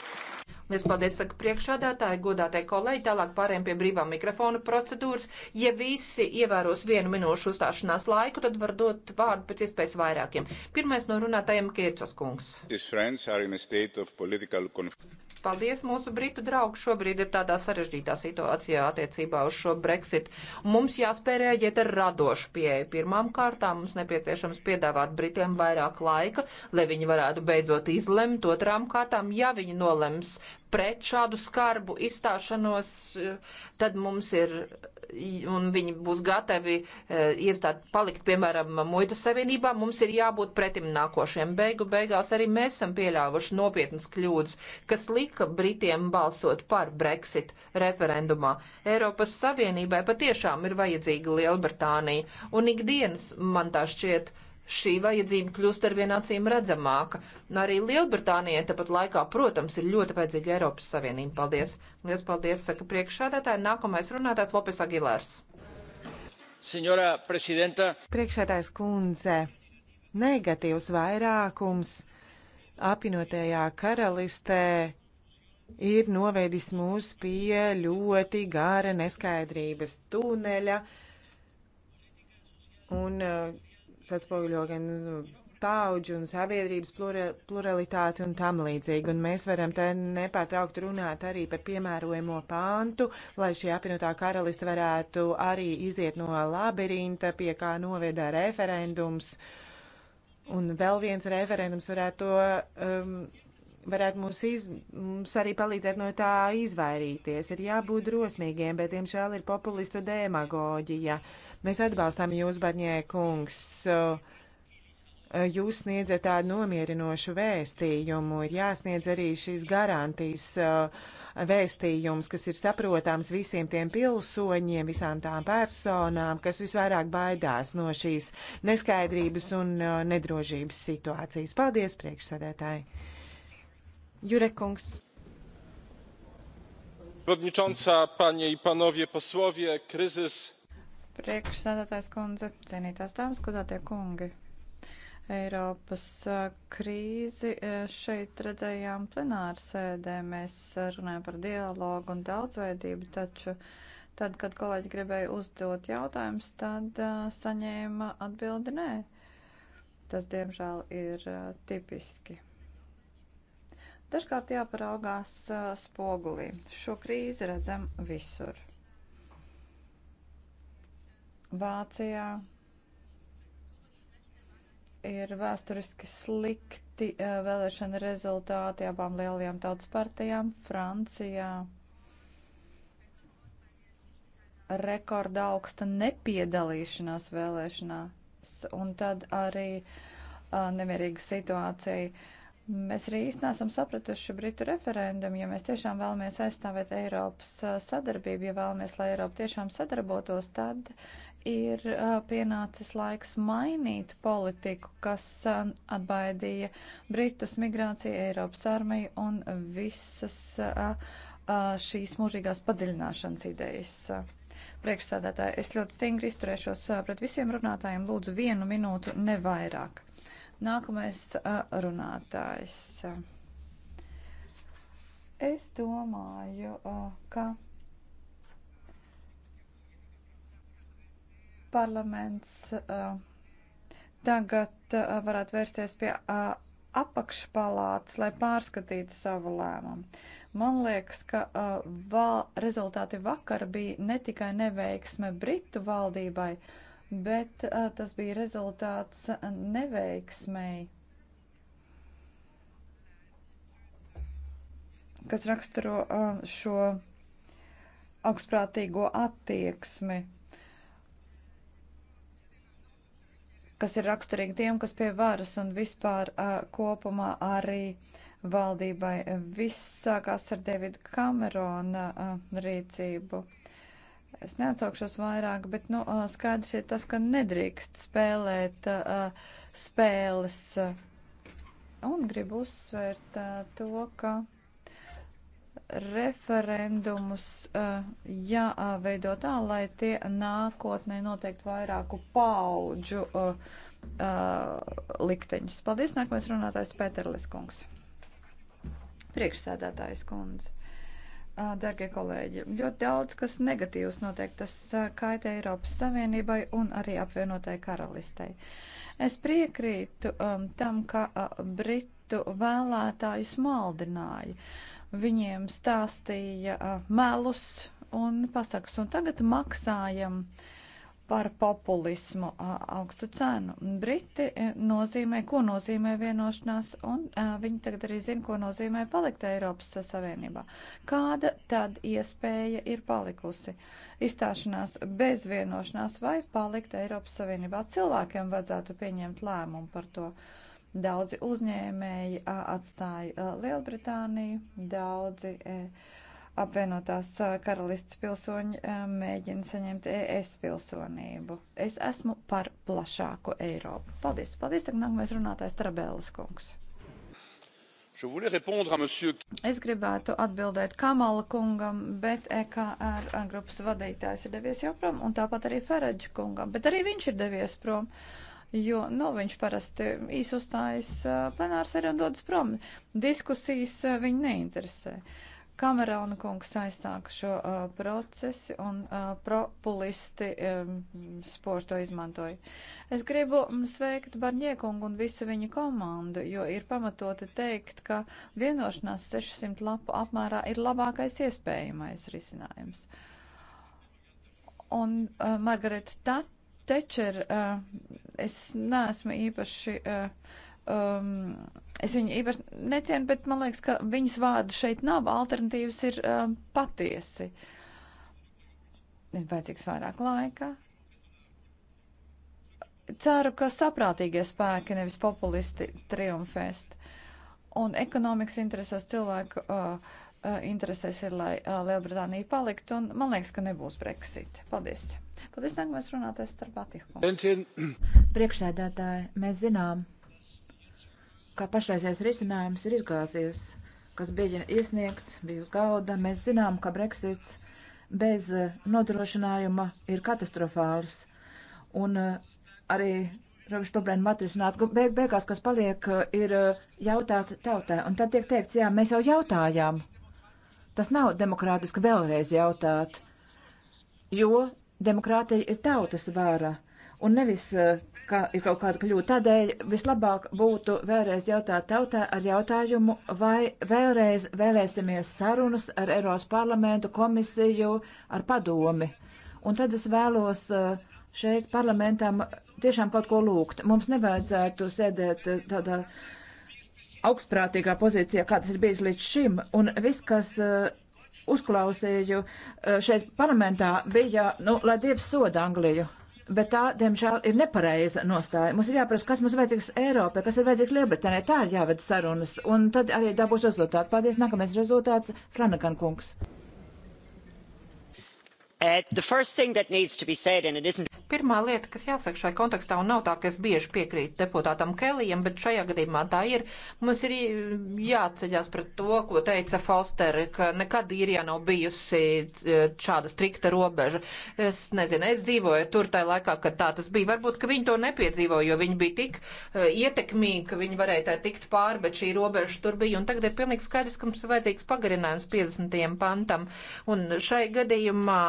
Lies paldies, saka priekšādātāji, godātai kolēģi, tālāk pārējiem pie brīvā mikrofona procedūras. Ja visi ievēros vienu minūšu uzstāšanās laiku, tad var dot vārdu pēc iespējas vairākiem. Pirmais no runātājiem Kircos kungs. Paldies mūsu britu draugu. Šobrīd ir tādā sarežģītā situācijā attiecībā uz šo Brexit. Mums jāspēj rēģēt ar radošu pieeju. Pirmām kārtām mums nepieciešams piedāvāt Britiem vairāk laika, lai viņi varētu beidzot izlemt. Otrām kārtām, ja viņi nolems pret šādu skarbu izstāšanos, eh, tad mums ir un viņi būs gatavi e, iestāt, palikt, piemēram, muitas savienībā, mums ir jābūt pretim nākošiem. Beigu beigās arī mēs esam pieļāvuši nopietnas kļūdas, kas lika Britiem balsot par Brexit referendumā. Eiropas Savienībai patiešām ir vajadzīga Lielbritānija, un ikdienas man tā šķiet šī vajadzība kļūst ar vien acīm redzamāka. Arī Lielbritānijai tāpat laikā, protams, ir ļoti vajadzīga Eiropas Savienība. Paldies! Lielas paldies, saka priekšsēdētāji. Nākamais runātājs Lopes Agilērs. Senjora prezidenta. Priekšsēdājs kundze, negatīvs vairākums apvienotajā karalistē ir novedis mūs pie ļoti gara neskaidrības tuneļa un uh, atspoguļo gan paudžu un sabiedrības pluralitāti un tam līdzīgi. Un mēs varam te nepārtraukt runāt arī par piemērojamo pāntu, lai šī apvienotā karalista varētu arī iziet no labirinta, pie kā novedā referendums. Un vēl viens referendums varētu to. Um, varētu mums, iz, mums arī palīdzēt no tā izvairīties. Ir jābūt drosmīgiem, bet, diemžēl, ir populistu demagoģija. Uh, Mēs atbalstām jūs, Barņē kungs. Jūs sniedzat tādu nomierinošu vēstījumu, ir jāsniedz arī šīs garantijas uh, vēstījums, kas ir saprotams visiem tiem pilsoņiem, visām tām personām, kas visvairāk baidās no šīs neskaidrības un uh, nedrošības situācijas. Paldies, priekšsēdētāji! Jurekungs. Przewodnicząca, panie i panowie posłowie, kryzys Priekšsēdētājs kundze, cienītās dāmas, godātie kungi. Eiropas krīzi šeit redzējām plenāru sēdē. Mēs runājam par dialogu un daudzveidību, taču tad, kad kolēģi gribēja uzdot jautājumus, tad saņēma atbildi nē. Tas, diemžēl, ir tipiski. Dažkārt jāparaugās spogulī. Šo krīzi redzam visur. Vācijā ir vēsturiski slikti eh, vēlēšana rezultāti abām lielajām tautas partijām. Francijā rekorda augsta nepiedalīšanās vēlēšanās un tad arī a, eh, nemierīga situācija. Mēs arī īsti nesam sapratuši Britu referendumu, ja mēs tiešām vēlamies aizstāvēt Eiropas eh, sadarbību, ja vēlamies, lai Eiropa tiešām sadarbotos, tad ir pienācis laiks mainīt politiku, kas atbaidīja Britus migrāciju, Eiropas armiju un visas šīs mūžīgās padziļināšanas idejas. Priekšsēdētāji, es ļoti stingri izturēšos pret visiem runātājiem. Lūdzu, vienu minūtu, ne vairāk. Nākamais runātājs. Es domāju, ka Parlaments uh, tagad uh, varētu vērsties pie uh, apakšpalātas, lai pārskatītu savu lēmumu. Man liekas, ka uh, val, rezultāti vakar bija ne tikai neveiksme Britu valdībai, bet uh, tas bija rezultāts neveiksmei, kas raksturo uh, šo augstprātīgo attieksmi kas ir raksturīgi tiem, kas pie varas un vispār uh, kopumā arī valdībai. Viss sākās ar Davida Kamerona uh, rīcību. Es neatsaukšos vairāk, bet nu, uh, skaidrs ir tas, ka nedrīkst spēlēt uh, spēles. Un gribu uzsvērt uh, to, ka referendumus eh, jāveido tā, lai tie nākotnē noteikti vairāku paudžu eh, eh, likteņus. Paldies, nākamais runātājs Pēterlis kungs. Priekšsēdētājs kundze. Dargie kolēģi, ļoti daudz kas negatīvs notiek, tas kaitē Eiropas Savienībai un arī apvienotai karalistei. Es piekrītu um, tam, ka uh, Britu vēlētājus maldināja. Uh, viņiem stāstīja melus un pasakas, un tagad maksājam par populismu augstu cenu. Briti nozīmē, ko nozīmē vienošanās, un viņi tagad arī zina, ko nozīmē palikt Eiropas Savienībā. Kāda tad iespēja ir palikusi? Izstāšanās bez vienošanās vai palikt Eiropas Savienībā? Cilvēkiem vajadzētu pieņemt lēmumu par to. Uh, Daudzi uzņēmēji atstāja Lielbritāniju, daudzi e, apvienotās karalists pilsoņi e, mēģina saņemt ES pilsonību. Es esmu par plašāku Eiropu. Paldies. Paldies, tagad nākamais runātājs Trabēlis kungs. Es gribētu atbildēt Kamala kungam, bet EKR grupas vadītājs ir devies jau prom, un tāpat arī Feredža kungam, bet arī viņš ir devies prom. Uh, jo nu, viņš parasti īsi uzstājas plenārs arī un dodas prom. Diskusijas viņu neinteresē. Kamerāna kungs aizsāka šo uh, procesu un uh, populisti um, spoži to izmantoja. Es gribu sveikt Barņiekungu un visu viņa komandu, jo ir pamatoti teikt, ka vienošanās 600 lapu apmērā ir labākais iespējamais risinājums. Un uh, Margareta Tat Tečer, eh, es neesmu īpaši. Eh, um, es viņu īpaši necienu, bet man liekas, ka viņas vārdu šeit nav. Alternatīvas ir um, patiesi. Ir vajadzīgs vairāk laika, ceru, ka saprātīgie spēki, nevis populisti, triumfēs. Un ekonomikas interesēs cilvēku uh, interesēs ir, lai uh, Lielbritānija paliktu, un man liekas, ka nebūs Brexit. Paldies! Paldies, nākamais runātais starp Batiku. Priekšsēdētāji, mēs zinām, ka pašreizies risinājums ir izgāzies, kas bija iesniegts, bija uz galda. Mēs zinām, ka Brexits bez eh, nodrošinājuma ir katastrofāls. Un eh, arī robežu problēmu atrisināt. Beig, beigās, kas paliek, eh, ir jautāt tautē. Un tad tiek teikts, jā, mēs jau jautājām. Tas nav demokrātiski vēlreiz jautāt, jo Demokrātija ir tautas vara un nevis, eh, ka ir kaut kāda kļūda. Tādēļ vislabāk būtu vēlreiz jautāt tautā ar jautājumu, vai vēlreiz vēlēsimies sarunas ar Eiropas parlamentu komisiju, ar padomi. Un tad es vēlos eh, šeit parlamentam tiešām kaut ko lūgt. Mums nevajadzētu sēdēt eh, tādā augstprātīgā pozīcijā, kā tas ir bijis līdz šim, un viss, kas uzklausīju eh, šeit parlamentā, bija, nu, lai Dievs soda Angliju. Bet tā, diemžēl, ir nepareiza nostāja. Mums ir jāprasa, kas mums vajadzīgs Eiropai, kas ir vajadzīgs Lielbritānijai. Tā ir jāved sarunas, un tad arī dabūs rezultāti. Paldies, nākamais rezultāts - Franakan kungs. Uh, Pirmā lieta, kas jāsaka šai kontekstā, un nav tā, ka es bieži piekrītu deputātam Kelijam, bet šajā gadījumā tā ir, mums ir jāceļās pret to, ko teica Falsteri, ka nekad īrijā nav bijusi uh, šāda strikta robeža. Es nezinu, es dzīvoju tur tajā laikā, kad tā tas bija. Varbūt, ka viņi to nepiedzīvoja, jo viņi bija tik uh, ietekmīgi, ka viņi varēja tā tikt pāri, bet šī robeža tur bija. Un tagad ir pilnīgi skaidrs, ka mums ir vajadzīgs pagarinājums 50. pantam. Un šai gadījumā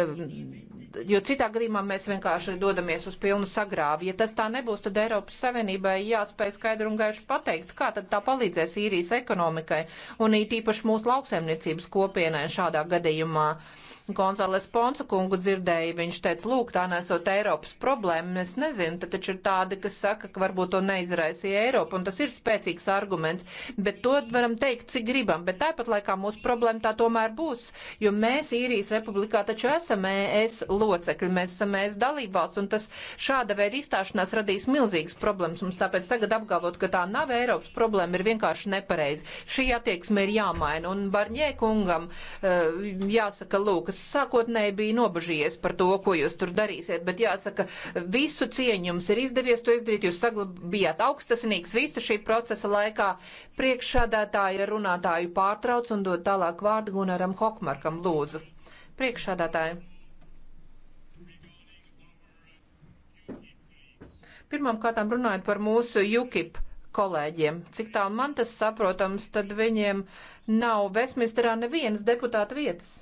Eh, jo citā gadījumā mēs vienkārši dodamies uz pilnu sagrāvi. Ja tas tā nebūs, tad Eiropas Savienībai jāspēj skaidri un gaiši pateikt, kā tad tā palīdzēs īrijas ekonomikai un it īpaši mūsu lauksaimniecības kopienai šādā gadījumā. Uh, Gonzales Ponsa kungu dzirdēju, viņš teica, lūk, tā nesot Eiropas problēma, es nezinu, tad taču ir tādi, kas saka, ka varbūt to neizraisīja Eiropa, un tas ir spēcīgs arguments, bet to varam teikt, cik gribam, bet tāpat laikā mūsu problēma tā tomēr būs, jo mēs īrijas republikā taču esam ES locekļi, mēs esam ES dalībvalsts, un tas šāda veida izstāšanās radīs milzīgas problēmas mums, tāpēc tagad apgalvot, ka tā nav Eiropas problēma, ir vienkārši nepareizi. Šī attieksme ir jāmaina, un Barņē kungam eh, jāsaka, lūk, es sākotnēji biju nobažījies par to, ko jūs tur darīsiet, bet jāsaka, visu cieņu jums ir izdevies to izdarīt, jūs saglabājāt augstasinīgs visa šī procesa laikā. Priekšādātāja runātāju pārtrauc un dod tālāk vārdu Gunaram Hokmarkam, lūdzu. Priekšādātāja. Pirmām kārtām runājot par mūsu UKIP kolēģiem. Cik tālu man tas saprotams, tad viņiem nav Vestminsterā nevienas deputāta vietas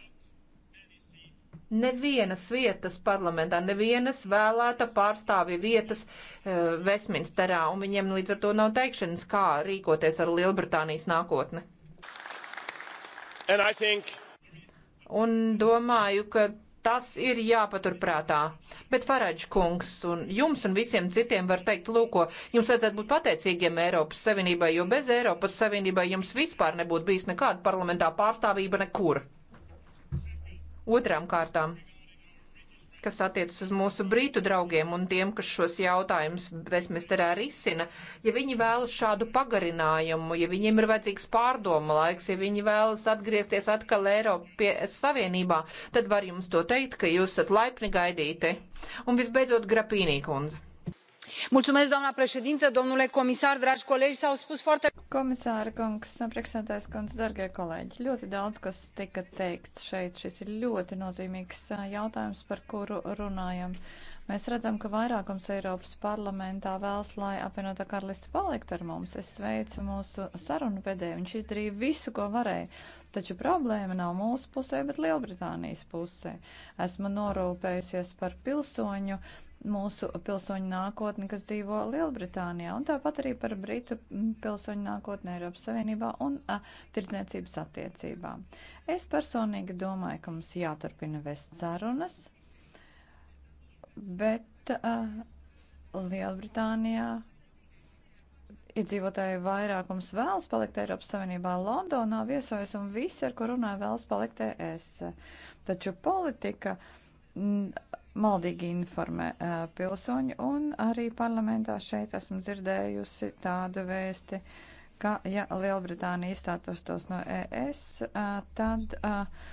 nevienas vietas parlamentā, nevienas vēlēta pārstāvja vietas uh, eh, Vesminsterā, un viņiem līdz ar to nav teikšanas, kā rīkoties ar Lielbritānijas nākotni. Think... Un domāju, ka tas ir jāpaturprātā. Bet Faradž kungs un jums un visiem citiem var teikt, lūko, jums vajadzētu būt pateicīgiem Eiropas Savienībai, jo bez Eiropas Savienībai jums vispār nebūtu bijis nekāda parlamentā pārstāvība nekur. Otrām kārtām, kas attiecas uz mūsu brītu draugiem un tiem, kas šos jautājumus Vesmesterē risina, ja viņi vēlas šādu pagarinājumu, ja viņiem ir vajadzīgs pārdoma laiks, ja viņi vēlas atgriezties atkal Eiropas Savienībā, tad var jums to teikt, ka jūs esat laipni gaidīti. Un visbeidzot, Grapīnī kundze doamnă președintă domnule comisar dragi kolēģi jau spus foarte. komisāra kungs priekšsēdētājas kundze darbie kolēģi ļoti daudz kas tika teikts šeit šis ir ļoti nozīmīgs jautājums par kuru runājam. Mēs redzam, ka vairākums Eiropas parlamentā vēlas, lai apvienotā karaliste paliktu ar mums. Es sveicu mūsu sarunu vedēju, viņš izdarīja visu, ko varēja. Taču problēma nav mūsu pusē, bet Lielbritānijas pusē. Esmu norūpējusies par pilsoņu mūsu pilsoņu nākotni, kas dzīvo Lielbritānijā, un tāpat arī par Britu pilsoņu nākotni Eiropas Savienībā un a, tirdzniecības attiecībām. Es personīgi domāju, ka mums jāturpina vest sarunas, bet a, Lielbritānijā iedzīvotāju vairākums vēlas palikt Eiropas Savienībā, Londonā viesojas un visi, ar ko runāju, vēlas palikt ES. Taču politika maldīgi informē uh, pilsoņi, un arī parlamentā šeit esmu dzirdējusi tādu vēsti, ka, ja Lielbritānija izstātos tos no ES, uh, tad uh,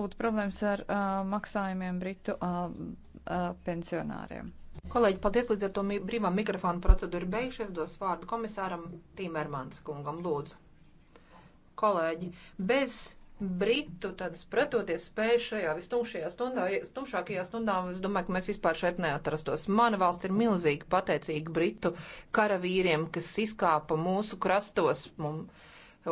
būtu problēmas ar uh, maksājumiem Britu uh, uh, pensionāriem. Kolēģi, paldies, līdz ar to mi brīvā mikrofona procedūra beigšies, dos vārdu komisāram Tīmermans kungam, lūdzu. Kolēģi, bez Britu tādas pretoties spēju šajā vistumšajā stundā, stumšākajā stundā, es domāju, ka mēs vispār šeit neatrastos. Mana valsts ir milzīgi pateicīga Britu karavīriem, kas izkāpa mūsu krastos. Mum,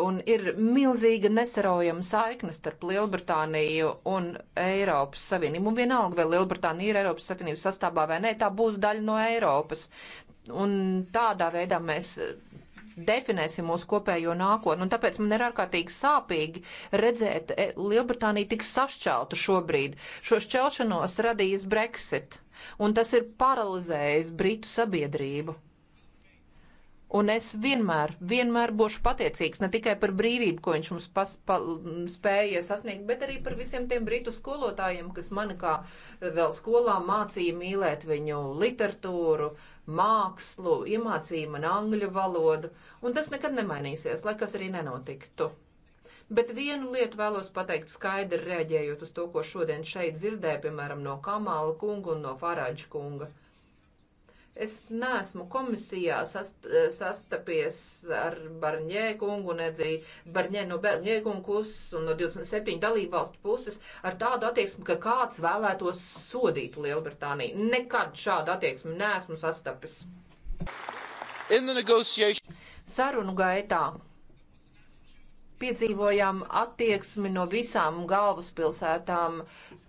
un ir milzīga nesaraujama saikne starp Lielbritāniju un Eiropas Savienību. Un vienalga, vai Lielbritānija ir Eiropas Savienības sastāvā vai nē, tā būs daļa no Eiropas. Un tādā veidā mēs definēsim mūsu kopējo nākotni. Un tāpēc man ir ārkārtīgi sāpīgi redzēt e, Lielbritāniju tik sašķeltu šobrīd. Šo šķelšanos radījis Brexit, un tas ir paralizējis Britu sabiedrību. Un es vienmēr, vienmēr būšu pateicīgs ne tikai par brīvību, ko viņš mums pas, pa, spēja sasniegt, bet arī par visiem tiem britu skolotājiem, kas mani kā eh, vēl skolā mācīja mīlēt viņu literatūru, mākslu, iemācīja man angļu valodu. Un tas nekad nemainīsies, lai kas arī nenotiktu. Bet vienu lietu vēlos pateikt skaidri reaģējot uz to, ko šodien šeit dzirdēju, piemēram, no Kamala kunga un no Farāģa kunga. Es neesmu komisijā sast, sastapies ar Barņē kungu, nedzī Barņē no Barņē kungu puses un no 27 dalību valstu puses ar tādu attieksmi, ka kāds vēlētos sodīt Lielbritāniju. Nekad šādu attieksmi neesmu sastapis. Sarunu gaitā piedzīvojām attieksmi no visām galvaspilsētām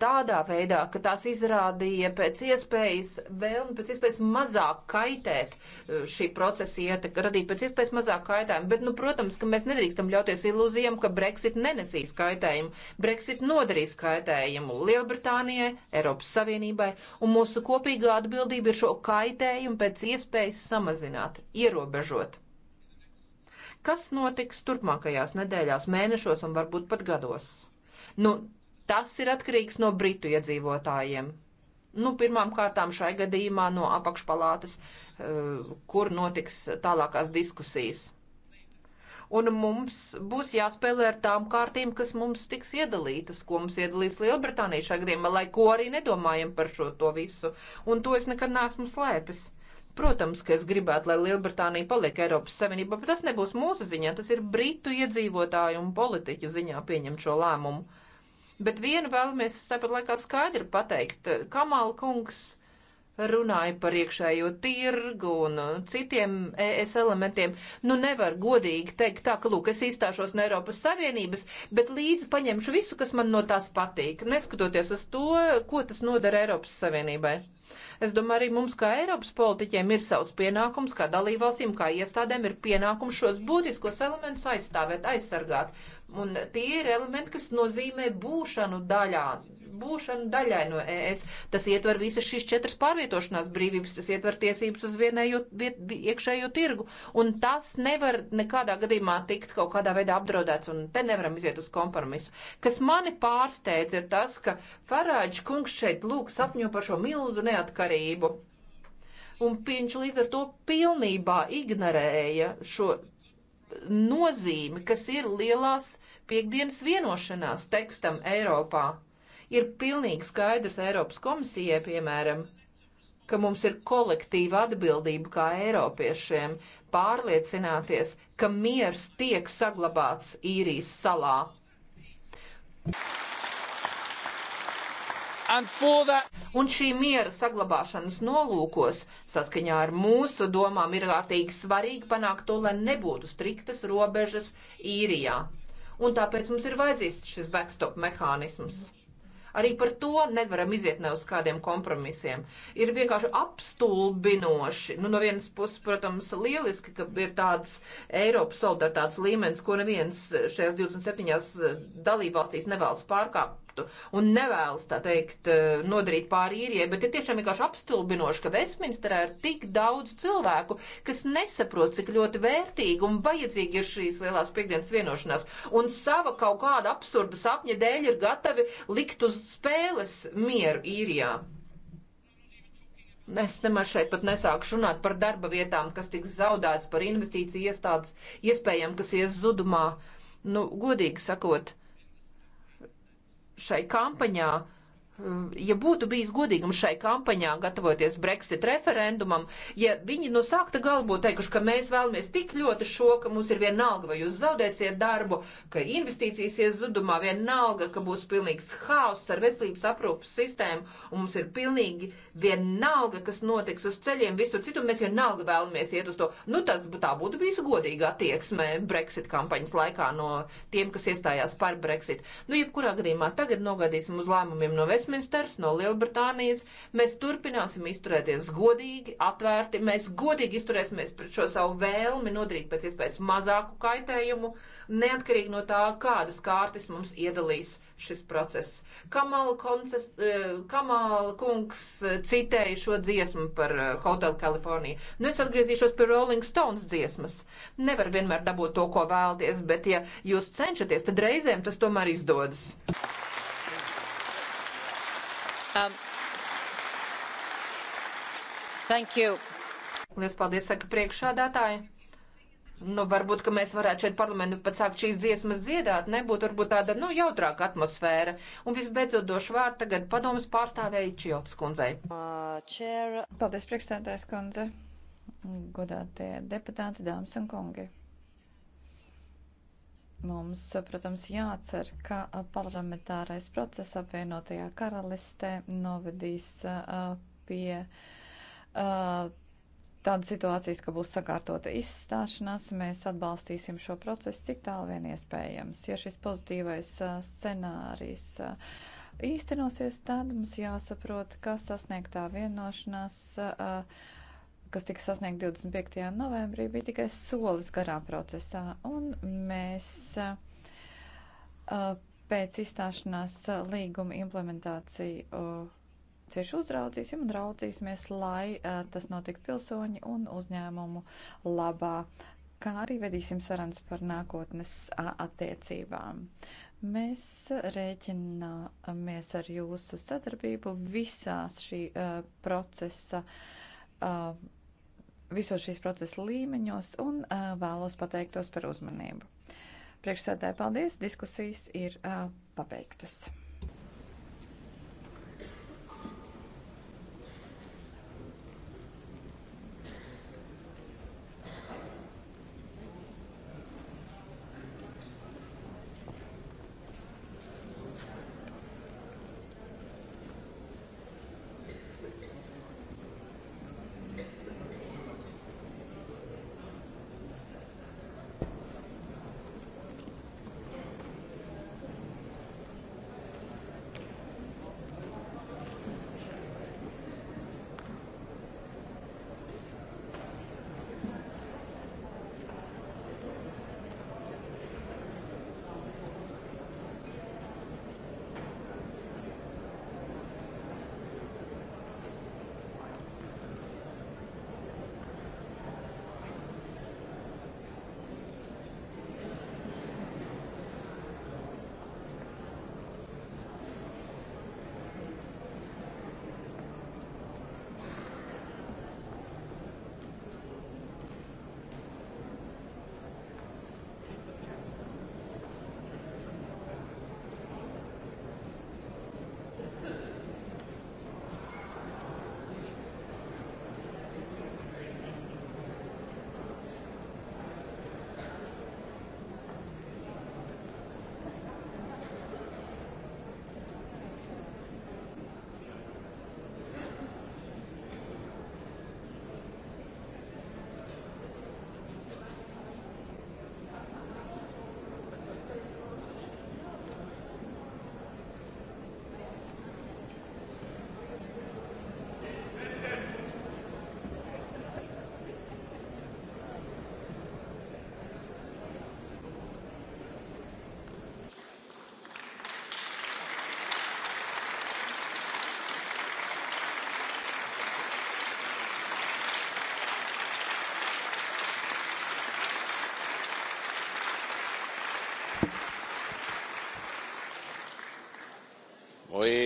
tādā veidā, ka tās izrādīja pēc iespējas vēlmi, pēc iespējas mazāk kaitēt eh, šī procesa ietek, radīt pēc iespējas mazāk kaitējumu. Bet, nu, protams, ka mēs nedrīkstam ļauties ilūzijam, ka Brexit nenesīs kaitējumu. Brexit nodarīs kaitējumu Lielbritānijai, Eiropas Savienībai, un mūsu kopīgā atbildība ir šo kaitējumu pēc iespējas samazināt, ierobežot. Kas notiks turpmākajās nedēļās, mēnešos un varbūt pat gados? Nu, tas ir atkarīgs no britu iedzīvotājiem. Nu, pirmām kārtām šai gadījumā no apakšpalātes, eh, kur notiks tālākās diskusijas un mums būs jāspēlē ar tām kārtīm, kas mums tiks iedalītas, ko mums iedalīs Lielbritānija šajā gadījumā, lai ko arī nedomājam par šo to visu. Un to es nekad neesmu slēpis. Protams, ka es gribētu, lai Lielbritānija paliek Eiropas Savienībā, bet tas nebūs mūsu ziņā, tas ir britu iedzīvotāju un politiķu ziņā pieņemt šo lēmumu. Bet vienu vēlamies tāpat laikā skaidri pateikt. Kamala kungs runāja par iekšējo tirgu un citiem ES elementiem. Nu, nevar godīgi teikt tā, ka, lūk, es izstāšos no Eiropas Savienības, bet līdzi paņemšu visu, kas man no tās patīk, neskatoties uz to, ko tas nodara Eiropas Savienībai. Es domāju, arī mums, kā Eiropas politiķiem, ir savs pienākums, kā dalībvalstīm, kā iestādēm ir pienākums šos būtiskos elementus aizstāvēt, aizsargāt. Un tie ir elementi, kas nozīmē būšanu daļā, būšanu daļai no ES. Tas ietver visas šīs četras pārvietošanās brīvības, tas ietver tiesības uz vienējo viet, iekšējo tirgu. Un tas nevar nekādā gadījumā tikt kaut kādā veidā apdraudēts, un te nevaram iziet uz kompromisu. Kas mani pārsteidz ir tas, ka Farāģis kungs šeit lūk sapņo par šo milzu neatkarību un viņš līdz ar to pilnībā ignorēja šo nozīme, kas ir lielās piekdienas vienošanās tekstam Eiropā. Ir pilnīgi skaidrs Eiropas komisijai, piemēram, ka mums ir kolektīva atbildība kā Eiropiešiem pārliecināties, ka miers tiek saglabāts īrijas salā. That... Un šī miera saglabāšanas nolūkos, saskaņā ar mūsu domām, ir ārkārtīgi svarīgi panākt to, lai nebūtu striktas robežas īrijā. Un tāpēc mums ir vajadzīgs šis backstop mehānisms. Arī par to nevaram iziet ne uz kādiem kompromisiem. Ir vienkārši apstulbinoši. Nu, no vienas puses, protams, lieliski, ka ir tāds Eiropas solidaritātes līmenis, ko neviens šajās 27 dalībvalstīs nevēlas pārkāpt faktu un nevēlas, tā teikt, eh, nodarīt pāri īrijai, bet ir tiešām vienkārši apstulbinoši, ka Vestminsterā ir tik daudz cilvēku, kas nesaprot, cik ļoti vērtīgi un vajadzīgi ir šīs lielās piekdienas vienošanās, un sava kaut kāda absurda sapņa dēļ ir gatavi likt uz spēles mieru īrijā. Nu, es nemaz šeit pat nesāku runāt par darba vietām, kas tiks zaudēts, par investīciju iestādes iespējām, kas ies zudumā. Nu, godīgi sakot, šai kampaņā ja būtu bijis godīgums šai kampaņā, gatavoties Brexit referendumam, ja viņi no sākta galva būtu teikuši, ka mēs vēlamies tik ļoti šo, ka mums ir vienalga, vai jūs zaudēsiet darbu, ka investīcijas ies zudumā, vienalga, ka būs pilnīgs haoss ar veselības aprūpas sistēmu, un mums ir pilnīgi vienalga, kas notiks uz ceļiem, visu citu, mēs vienalga vēlamies iet uz to. Nu, tas tā būtu bijis godīga attieksme Brexit kampaņas laikā no tiem, kas iestājās par Brexit. Nu, jebkurā gadījumā tagad nogadīsim uz lēmumiem no Vesmīnas Vestminsters, no Lielbritānijas. Mēs turpināsim izturēties godīgi, atvērti, mēs godīgi izturēsimies pret šo savu vēlmi nodarīt pēc iespējas mazāku kaitējumu, neatkarīgi no tā, kādas kārtas mums iedalīs šis process. Kamala, konces, eh, Kamala kungs eh, citēja šo dziesmu par eh, Hotel Californiju. Nu, es atgriezīšos pie Rolling Stones dziesmas. Nevar vienmēr dabūt to, ko vēlties, bet ja jūs cenšaties, tad reizēm tas tomēr izdodas. Um, thank you. Lielas paldies, saka priekšādātāji. Nu, varbūt, ka mēs varētu šeit parlamentu pat sākt šīs dziesmas dziedāt, nebūtu varbūt tāda, nu, jautrāka atmosfēra. Un visbeidzot došu vārdu tagad padomas pārstāvēji Čiotas kundzei. Uh, paldies, priekšstādājs kundze, godātie deputāti, dāmas un kungi. Mums, protams, jācer, ka parlamentārais process apvienotajā karalistē novedīs pie tādas situācijas, ka būs sakārtota izstāšanās. Mēs atbalstīsim šo procesu cik tālu vien iespējams. Ja šis pozitīvais scenārijs īstenosies, tad mums jāsaprot, ka sasniegtā vienošanās. Uh, kas tika sasniegt 25. novembrī, bija tikai solis garā procesā, un mēs pēc izstāšanās līguma implementāciju cieši uzraudzīsim un raudzīsimies, lai tas notika pilsoņu un uzņēmumu labā, kā arī vedīsim sarunas par nākotnes attiecībām. Mēs rēķināmies ar jūsu sadarbību visās šī procesa uh, visos šīs procesa līmeņos un uh, vēlos pateiktos par uzmanību. Priekšsēdētāji, paldies! Diskusijas ir uh, pabeigtas.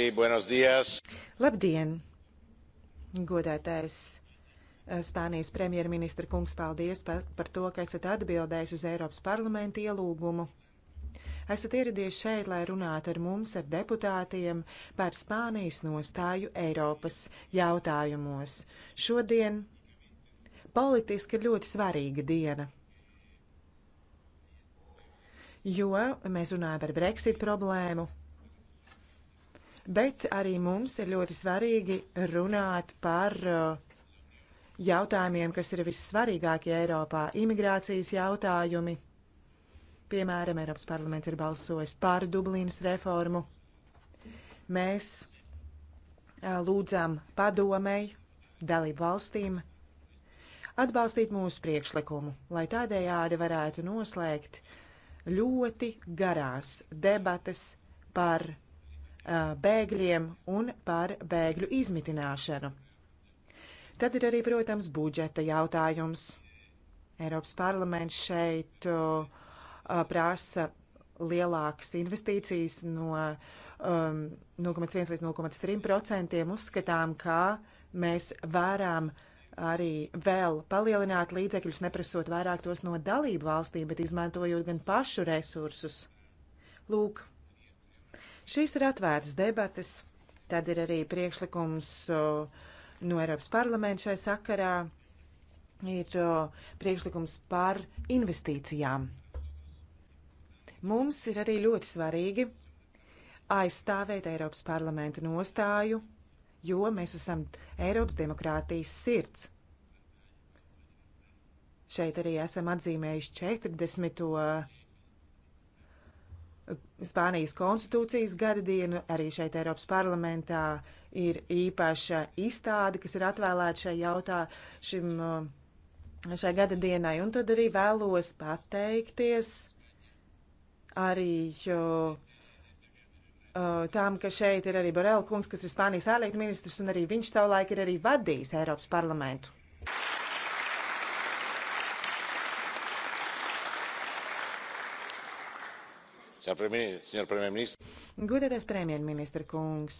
Kolēģi, buenos dias! Labdien! Godētais eh, Spānijas premjerministra kungs, paldies par, par to, ka esat atbildējis uz Eiropas parlamenta ielūgumu. Esat ieradies šeit, lai runātu ar mums, ar deputātiem, par Spānijas nostāju Eiropas jautājumos. Šodien politiski ir ļoti svarīga diena jo mēs runājam par Brexit problēmu bet arī mums ir ļoti svarīgi runāt par uh, jautājumiem, kas ir vissvarīgākie Eiropā - imigrācijas jautājumi. Piemēram, Eiropas parlaments ir balsojis par Dublīnas reformu. Mēs uh, lūdzām padomēji, dalību valstīm atbalstīt mūsu priekšlikumu, lai tādējādi varētu noslēgt ļoti garās debates par bēgļiem un par bēgļu izmitināšanu. Tad ir arī, protams, budžeta jautājums. Eiropas parlaments šeit prasa lielākas investīcijas no um, 0,1 līdz 0,3%. Uzskatām, ka mēs varam arī vēl palielināt līdzekļus, neprasot vairāk tos no dalību valstīm, bet izmantojot gan pašu resursus. Lūk, Šīs ir atvērtas debates, tad ir arī priekšlikums no Eiropas parlamenta šai sakarā, ir priekšlikums par investīcijām. Mums ir arī ļoti svarīgi aizstāvēt Eiropas parlamenta nostāju, jo mēs esam Eiropas demokrātijas sirds. Šeit arī esam atzīmējuši 40. Spānijas konstitūcijas gada dienu. Arī šeit Eiropas parlamentā ir īpaša izstāde, kas ir atvēlēta šai jautā šim, uh, šai gada dienai. Un tad arī vēlos pateikties arī. Jo, uh, tām, ka šeit ir arī Borel kungs, kas ir Spānijas ārlietu ministrs, un arī viņš savulaik ir arī vadījis Eiropas parlamentu. Gudētais premjerministra kungs,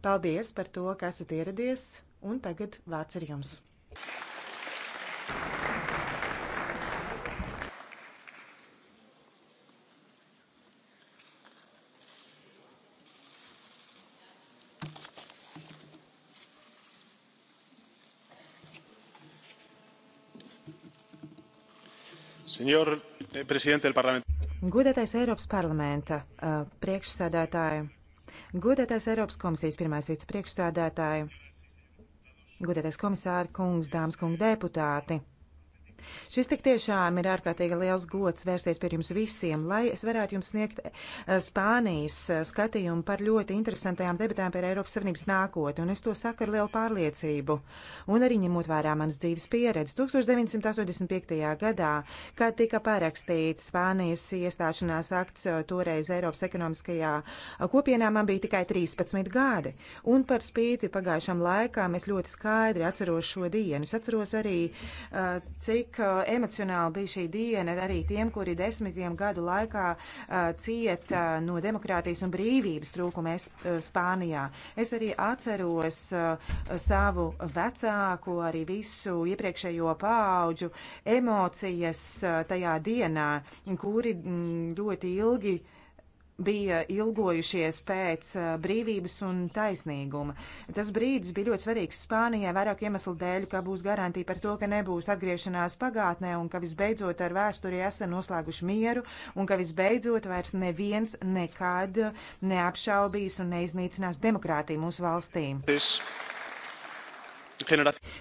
paldies par to, ka esat ieradies, un tagad vārds ir jums. Señor Eh, godētais Eiropas parlamenta uh, priekšsēdētāji, godētais Eiropas komisijas pirmais vicepriekšsēdētāji, godētais komisāra kungs, dāmas kungi deputāti. Šis tik tiešām ir ārkārtīgi liels gods vērsties pie jums visiem, lai es varētu jums sniegt eh, Spānijas eh, skatījumu par ļoti interesantajām debatēm par Eiropas Savienības nākotni, un es to saku ar lielu pārliecību. Un arī ņemot vērā manas dzīves pieredzi, 1985. gadā, kad tika parakstīts Spānijas iestāšanās akts eh, toreiz Eiropas ekonomiskajā kopienā, man bija tikai 13 gadi, un par spīti pagājušam laikam es ļoti skaidri atceros šo dienu. Es atceros arī, cik cik uh, emocionāli bija šī diena arī tiem, kuri desmitiem gadu laikā uh, cieta uh, no demokrātijas un brīvības trūkuma Spānijā. Es arī atceros savu vecāku, arī visu iepriekšējo paaudžu emocijas tajā dienā, kuri mm, ļoti ilgi bija ilgojušies pēc eh, brīvības un taisnīguma. Tas brīdis bija ļoti svarīgs Spānijai vairāk iemeslu dēļ, ka būs garantija par to, ka nebūs atgriešanās pagātnē un ka visbeidzot ar vēsturi esam noslēguši mieru un ka visbeidzot vairs neviens nekad neapšaubīs un neiznīcinās demokrātiju mūsu valstī. This.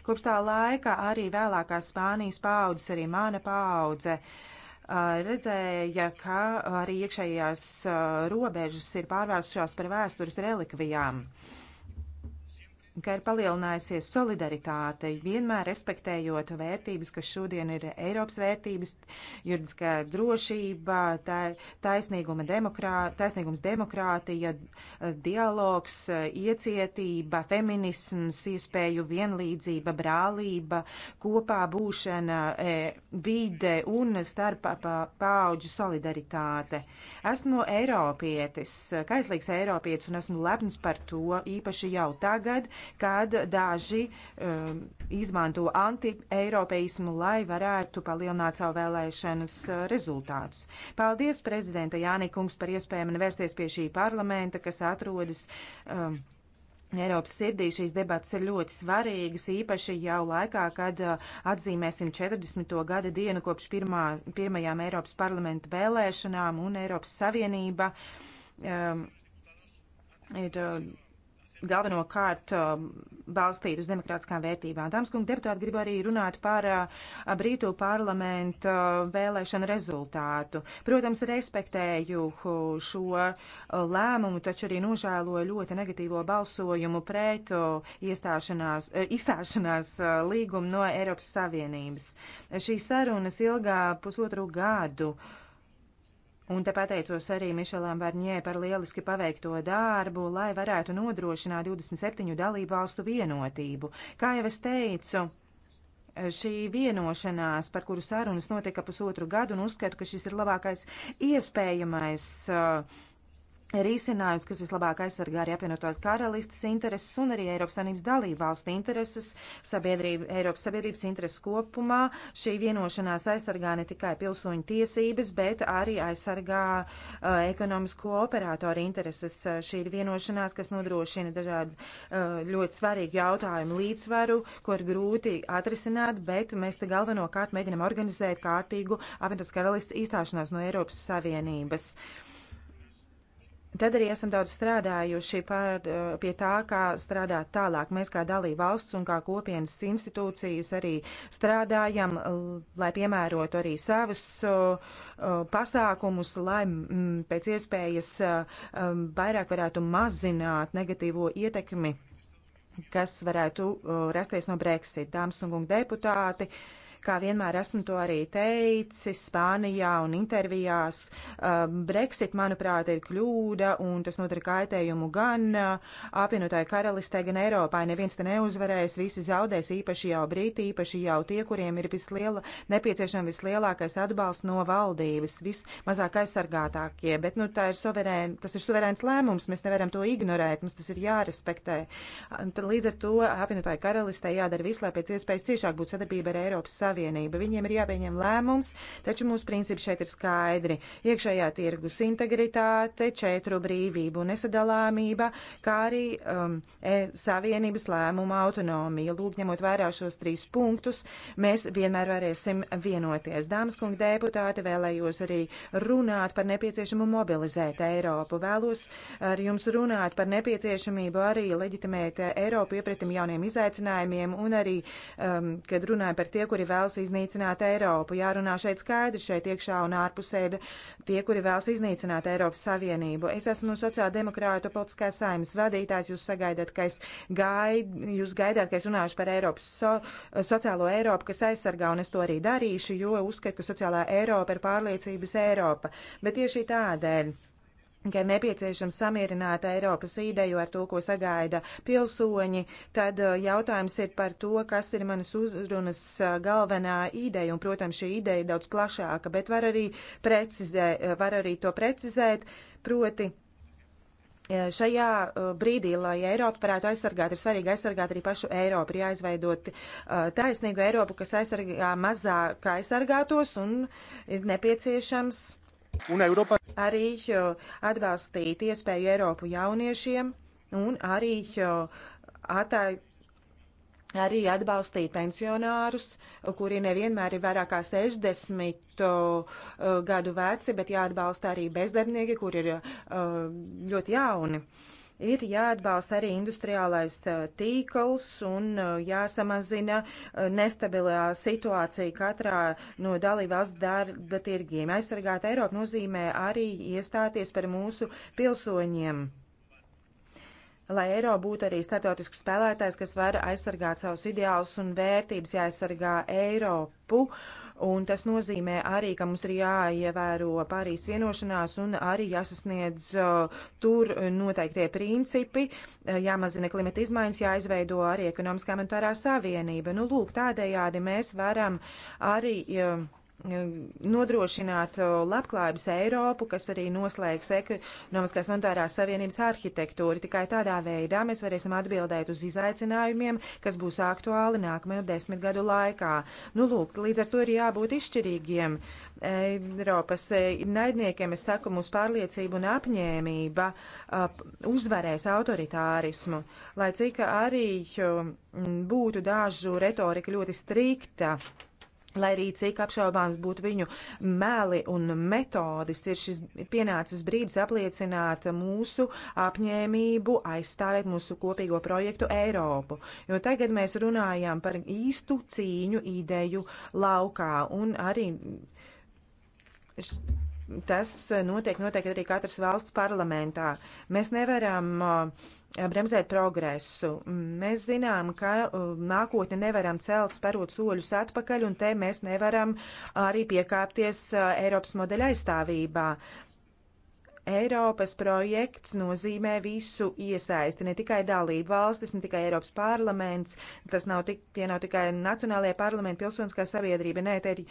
Kopš tā laika arī vēlākās Spānijas paudzes, arī mana paudze, uh, redzēja, ka arī iekšējās robežas ir pārvērsušās par vēstures relikvijām. Uh, ka ir palielinājusies solidaritāte, vienmēr respektējot vērtības, kas šodien ir Eiropas vērtības, juridiskā drošība, taisnīguma demokrā, taisnīgums demokrātija, dialogs, iecietība, feminisms, iespēju vienlīdzība, brālība, kopā būšana, e, vide un starp paauģu solidaritāte. Esmu Eiropietis, kaislīgs Eiropietis un esmu lepns par to īpaši jau tagad, kad daži um, izmanto anti-eiropeismu, lai varētu palielināt savu vēlēšanas uh, rezultātus. Paldies prezidenta Jānikungs par iespējami vērsties pie šī parlamenta, kas atrodas. Um, Eiropas sirdī šīs debatas ir ļoti svarīgas, īpaši jau laikā, kad uh, atzīmēsim 40. gada dienu kopš pirmā, pirmajām Eiropas parlamenta vēlēšanām un Eiropas Savienība um, ir. Uh, galvenokārt um, balstīt uz demokrātiskām vērtībām. Dāmas kungi, deputāti, gribu arī runāt par uh, Brītu parlamentu uh, vēlēšanu rezultātu. Protams, respektēju uh, šo lēmumu, taču arī nožēloju ļoti negatīvo balsojumu pret iestāšanās, izstāšanās līgumu no Eiropas Savienības. Šīs sarunas ilgā pusotru gadu. Uh, Un te pateicos arī Mišelam Barņē par lieliski paveikto darbu, lai varētu nodrošināt 27 dalību valstu vienotību. Kā jau es teicu, šī vienošanās, par kuru sarunas notika pusotru gadu, un uzskatu, ka šis ir labākais iespējamais uh, risinājums, kas vislabāk aizsargā arī apvienotās karalistas intereses un arī Eiropas Savienības dalību valstu intereses, sabiedrība, Eiropas sabiedrības intereses kopumā. Šī vienošanās aizsargā ne tikai pilsoņu tiesības, bet arī aizsargā uh, ekonomisko operātoru intereses. Uh, šī ir vienošanās, kas nodrošina dažādu uh, ļoti svarīgu jautājumu līdzsvaru, ko ir grūti atrisināt, bet mēs te galvenokārt mēģinam organizēt kārtīgu apvienotās karalistas izstāšanās no Eiropas Savienības. Uh, Tad arī esam daudz strādājuši pār, eh, pie tā, kā strādāt tālāk. Mēs kā dalība valsts un kā kopienas institūcijas arī strādājam, lai piemērotu arī savus pasākumus, lai pēc iespējas e, e, vairāk varētu mazināt negatīvo ietekmi, kas varētu rasties no Brexit. Dāmas un kungi deputāti! Uh, Kā vienmēr esmu to arī teicis Spānijā un intervijās, um, Brexit, manuprāt, ir kļūda un tas nodara kaitējumu gan uh, apvienotāju karalistē, gan Eiropai. Neviens te neuzvarēs, visi zaudēs, īpaši jau Brīti, īpaši jau tie, kuriem ir visliela, nepieciešama vislielākais atbalsts no valdības, vismazāk aizsargātākie. Bet, nu, tā ir suverēna, tas ir suverēns lēmums, mēs nevaram to ignorēt, mums tas ir jārespektē. Tad, līdz ar to apvienotāju karalistē jādara visu, lai pēc iespējas ciešāk būtu sadarbība ar Eiropas Savienību. Savienība. Viņiem ir jāpieņem lēmums, taču mūsu principi šeit ir skaidri. Iekšējā tirgus integritāte, četru brīvību un nesadalāmība, kā arī um, e Savienības lēmuma autonomija. Lūk, ņemot vērā šos trīs punktus, mēs vienmēr varēsim vienoties. Dāmas kungi deputāti, vēlējos arī runāt par nepieciešamu mobilizēt Eiropu. Vēlos ar jums runāt par nepieciešamību arī leģitimēt Eiropu iepratim jauniem izaicinājumiem un arī, um, kad runāju par tie, kuri vēl vēlas iznīcināt Eiropu. Jārunā šeit skaidri, šeit iekšā un ārpusē ir tie, kuri vēlas iznīcināt Eiropas Savienību. Es esmu no sociāldemokrātu politiskās saimas vadītājs. Jūs sagaidat, ka es gaid, jūs gaidāt, ka es runāšu par Eiropas so, sociālo Eiropu, kas aizsargā, un es to arī darīšu, jo uzskatu, ka sociālā Eiropa ir pārliecības Eiropa. Bet tieši tādēļ ka ir nepieciešams samierināt Eiropas ideju ar to, ko sagaida pilsoņi, tad uh, jautājums ir par to, kas ir manas uzrunas uh, galvenā ideja. Un, protams, šī ideja ir daudz plašāka, bet var arī, precizē, uh, var arī to precizēt, proti. Šajā brīdī, lai Eiropu varētu aizsargāt, ir svarīgi aizsargāt arī pašu Eiropu. Ir jāizveidot taisnīgu Eiropu, kas aizsargā mazāk aizsargātos un ir nepieciešams Arī atbalstīt iespēju Eiropu jauniešiem un arī atā, arī atbalstīt pensionārus, kuri nevienmēr ir vairāk kā 60 uh, gadu veci, bet jāatbalsta arī bezdarbnieki, kuri ir uh, ļoti jauni. Uh, Ir jāatbalsta arī industriālais tīkls un jāsamazina nestabilā situācija katrā no dalībvalsts darba tirgiem. Aizsargāt Eiropu nozīmē arī iestāties par mūsu pilsoņiem lai eiro būtu arī starptautisks spēlētājs, kas var aizsargāt savus ideālus un vērtības, jāaizsargā Eiropu. Uh, Un tas nozīmē arī, ka mums ir jāievēro Pārīs vienošanās un arī jāsasniedz uh, tur noteiktie principi, uh, jāmazina klimata izmaiņas, jāizveido arī ekonomiskā monetārā savienība. Nu, lūk, tādējādi mēs varam arī. Uh, nodrošināt uh, labklājības Eiropu, kas arī noslēgs ekonomiskās monetārās savienības arhitektūru. Tikai tādā veidā mēs varēsim atbildēt uz izaicinājumiem, kas būs aktuāli nākamajā desmitgadu laikā. Nu, lūk, līdz ar to ir jābūt izšķirīgiem. Eiropas uh, naidniekiem, es saku, mūsu pārliecība un apņēmība uh, uzvarēs autoritārismu, lai cik arī um, būtu dažu retorika ļoti strikta. Lai arī cik apšaubāms būtu viņu meli un metodis, ir šis pienācis brīdis apliecināt mūsu apņēmību aizstāvēt mūsu kopīgo projektu Eiropu. Jo tagad mēs runājām par īstu cīņu ideju laukā un arī. Tas notiek noteikti arī katras valsts parlamentā. Mēs nevaram uh, bremzēt progresu. Mēs zinām, ka uh, nākotni nevaram celt, sparot soļus atpakaļ, un te mēs nevaram arī piekāpties uh, Eiropas modeļa aizstāvībā. Eiropas projekts nozīmē visu iesaisti, ne tikai dalību valstis, ne tikai Eiropas parlaments, tas nav tik, tie nav tikai nacionālajie parlamenti, pilsoniskā sabiedrība, nē, te ir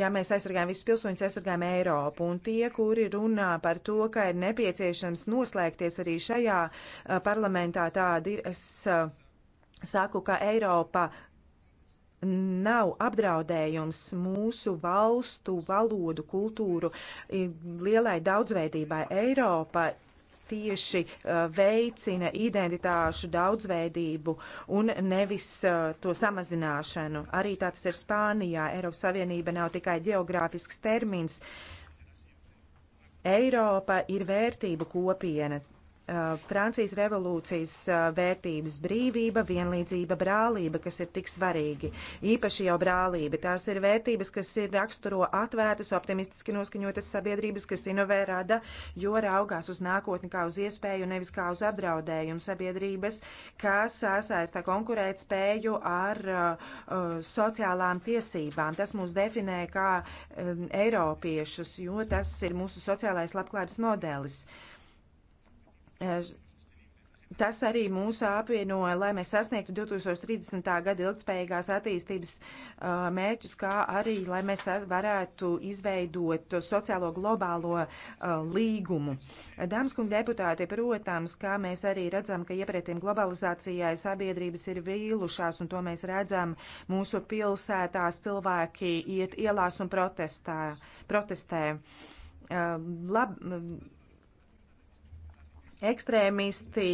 ja mēs aizsargājam visus pilsoņus, aizsargājam Eiropu. Un tie, kuri runā par to, ka ir nepieciešams noslēgties arī šajā parlamentā, tādi ir. Es saku, ka Eiropa nav apdraudējums mūsu valstu, valodu, kultūru lielai daudzveidībai. Eiropa tieši uh, veicina identitāšu daudzveidību un nevis uh, to samazināšanu. Arī tāds ir Spānijā. Eiropas Savienība nav tikai geogrāfisks termins. Eiropa ir vērtību kopiena. Eh, Francijas revolūcijas eh, vērtības brīvība, vienlīdzība, brālība, kas ir tik svarīgi. Īpaši jau brālība. Tās ir vērtības, kas ir raksturo atvērtas, optimistiski noskaņotas sabiedrības, kas inovē rada, jo raugās uz nākotni kā uz iespēju, nevis kā uz apdraudējumu sabiedrības, kas sasaistā konkurēt spēju ar uh, sociālām tiesībām. Tas mūs definē kā um, Eiropiešus, jo tas ir mūsu sociālais labklājības modelis. Uh, Tas arī mūs apvienoja, lai mēs sasniegtu 2030. gada ilgspējīgās attīstības uh, mērķus, kā arī, lai mēs varētu izveidot sociālo globālo uh, līgumu. Dāmas kungi deputāti, protams, kā mēs arī redzam, ka iepretim globalizācijai sabiedrības ir vīlušās, un to mēs redzam mūsu pilsētās cilvēki iet ielās un protestā, protestē. Uh, lab, Ekstrēmisti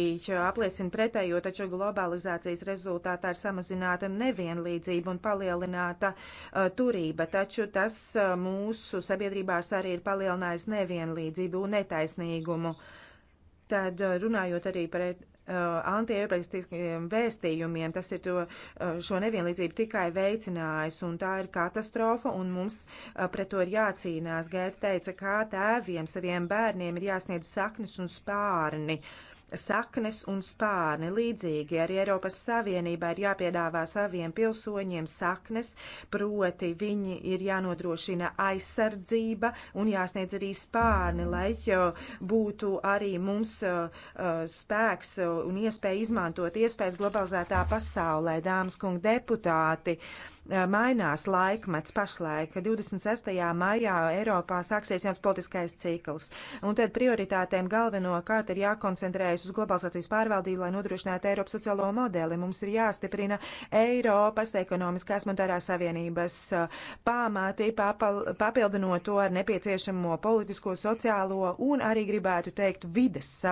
apliecina pretējo, taču globalizācijas rezultātā ir samazināta nevienlīdzība un palielināta uh, turība, taču tas uh, mūsu sabiedrībās arī ir palielinājis nevienlīdzību un netaisnīgumu. Tad runājot arī par Uh, antieiropeistiskiem vēstījumiem. Tas ir to, uh, šo nevienlīdzību tikai veicinājis, un tā ir katastrofa, un mums uh, pret to ir jācīnās. Gēta teica, kā tēviem saviem bērniem ir jāsniedz saknes un spārni. Uh, saknes un spārni. Līdzīgi arī Eiropas Savienībā ir jāpiedāvā saviem pilsoņiem saknes, proti viņi ir jānodrošina aizsardzība un jāsniedz arī spārni, lai būtu arī mums spēks un iespēja izmantot iespējas globalizētā pasaulē. Dāmas kungi deputāti, uh, Eh, mainās laikmets pašlaik. 26. maijā Eiropā sāksies jauns politiskais cikls, un tad prioritātēm galvenokārt ir jākoncentrējas uz globalizācijas pārvaldību, lai nodrošinātu Eiropas sociālo modeli. Mums ir jāstiprina Eiropas ekonomiskās monetārās savienības eh, pamāti, papildinot to ar nepieciešamo politisko, sociālo un arī gribētu teikt vides savienību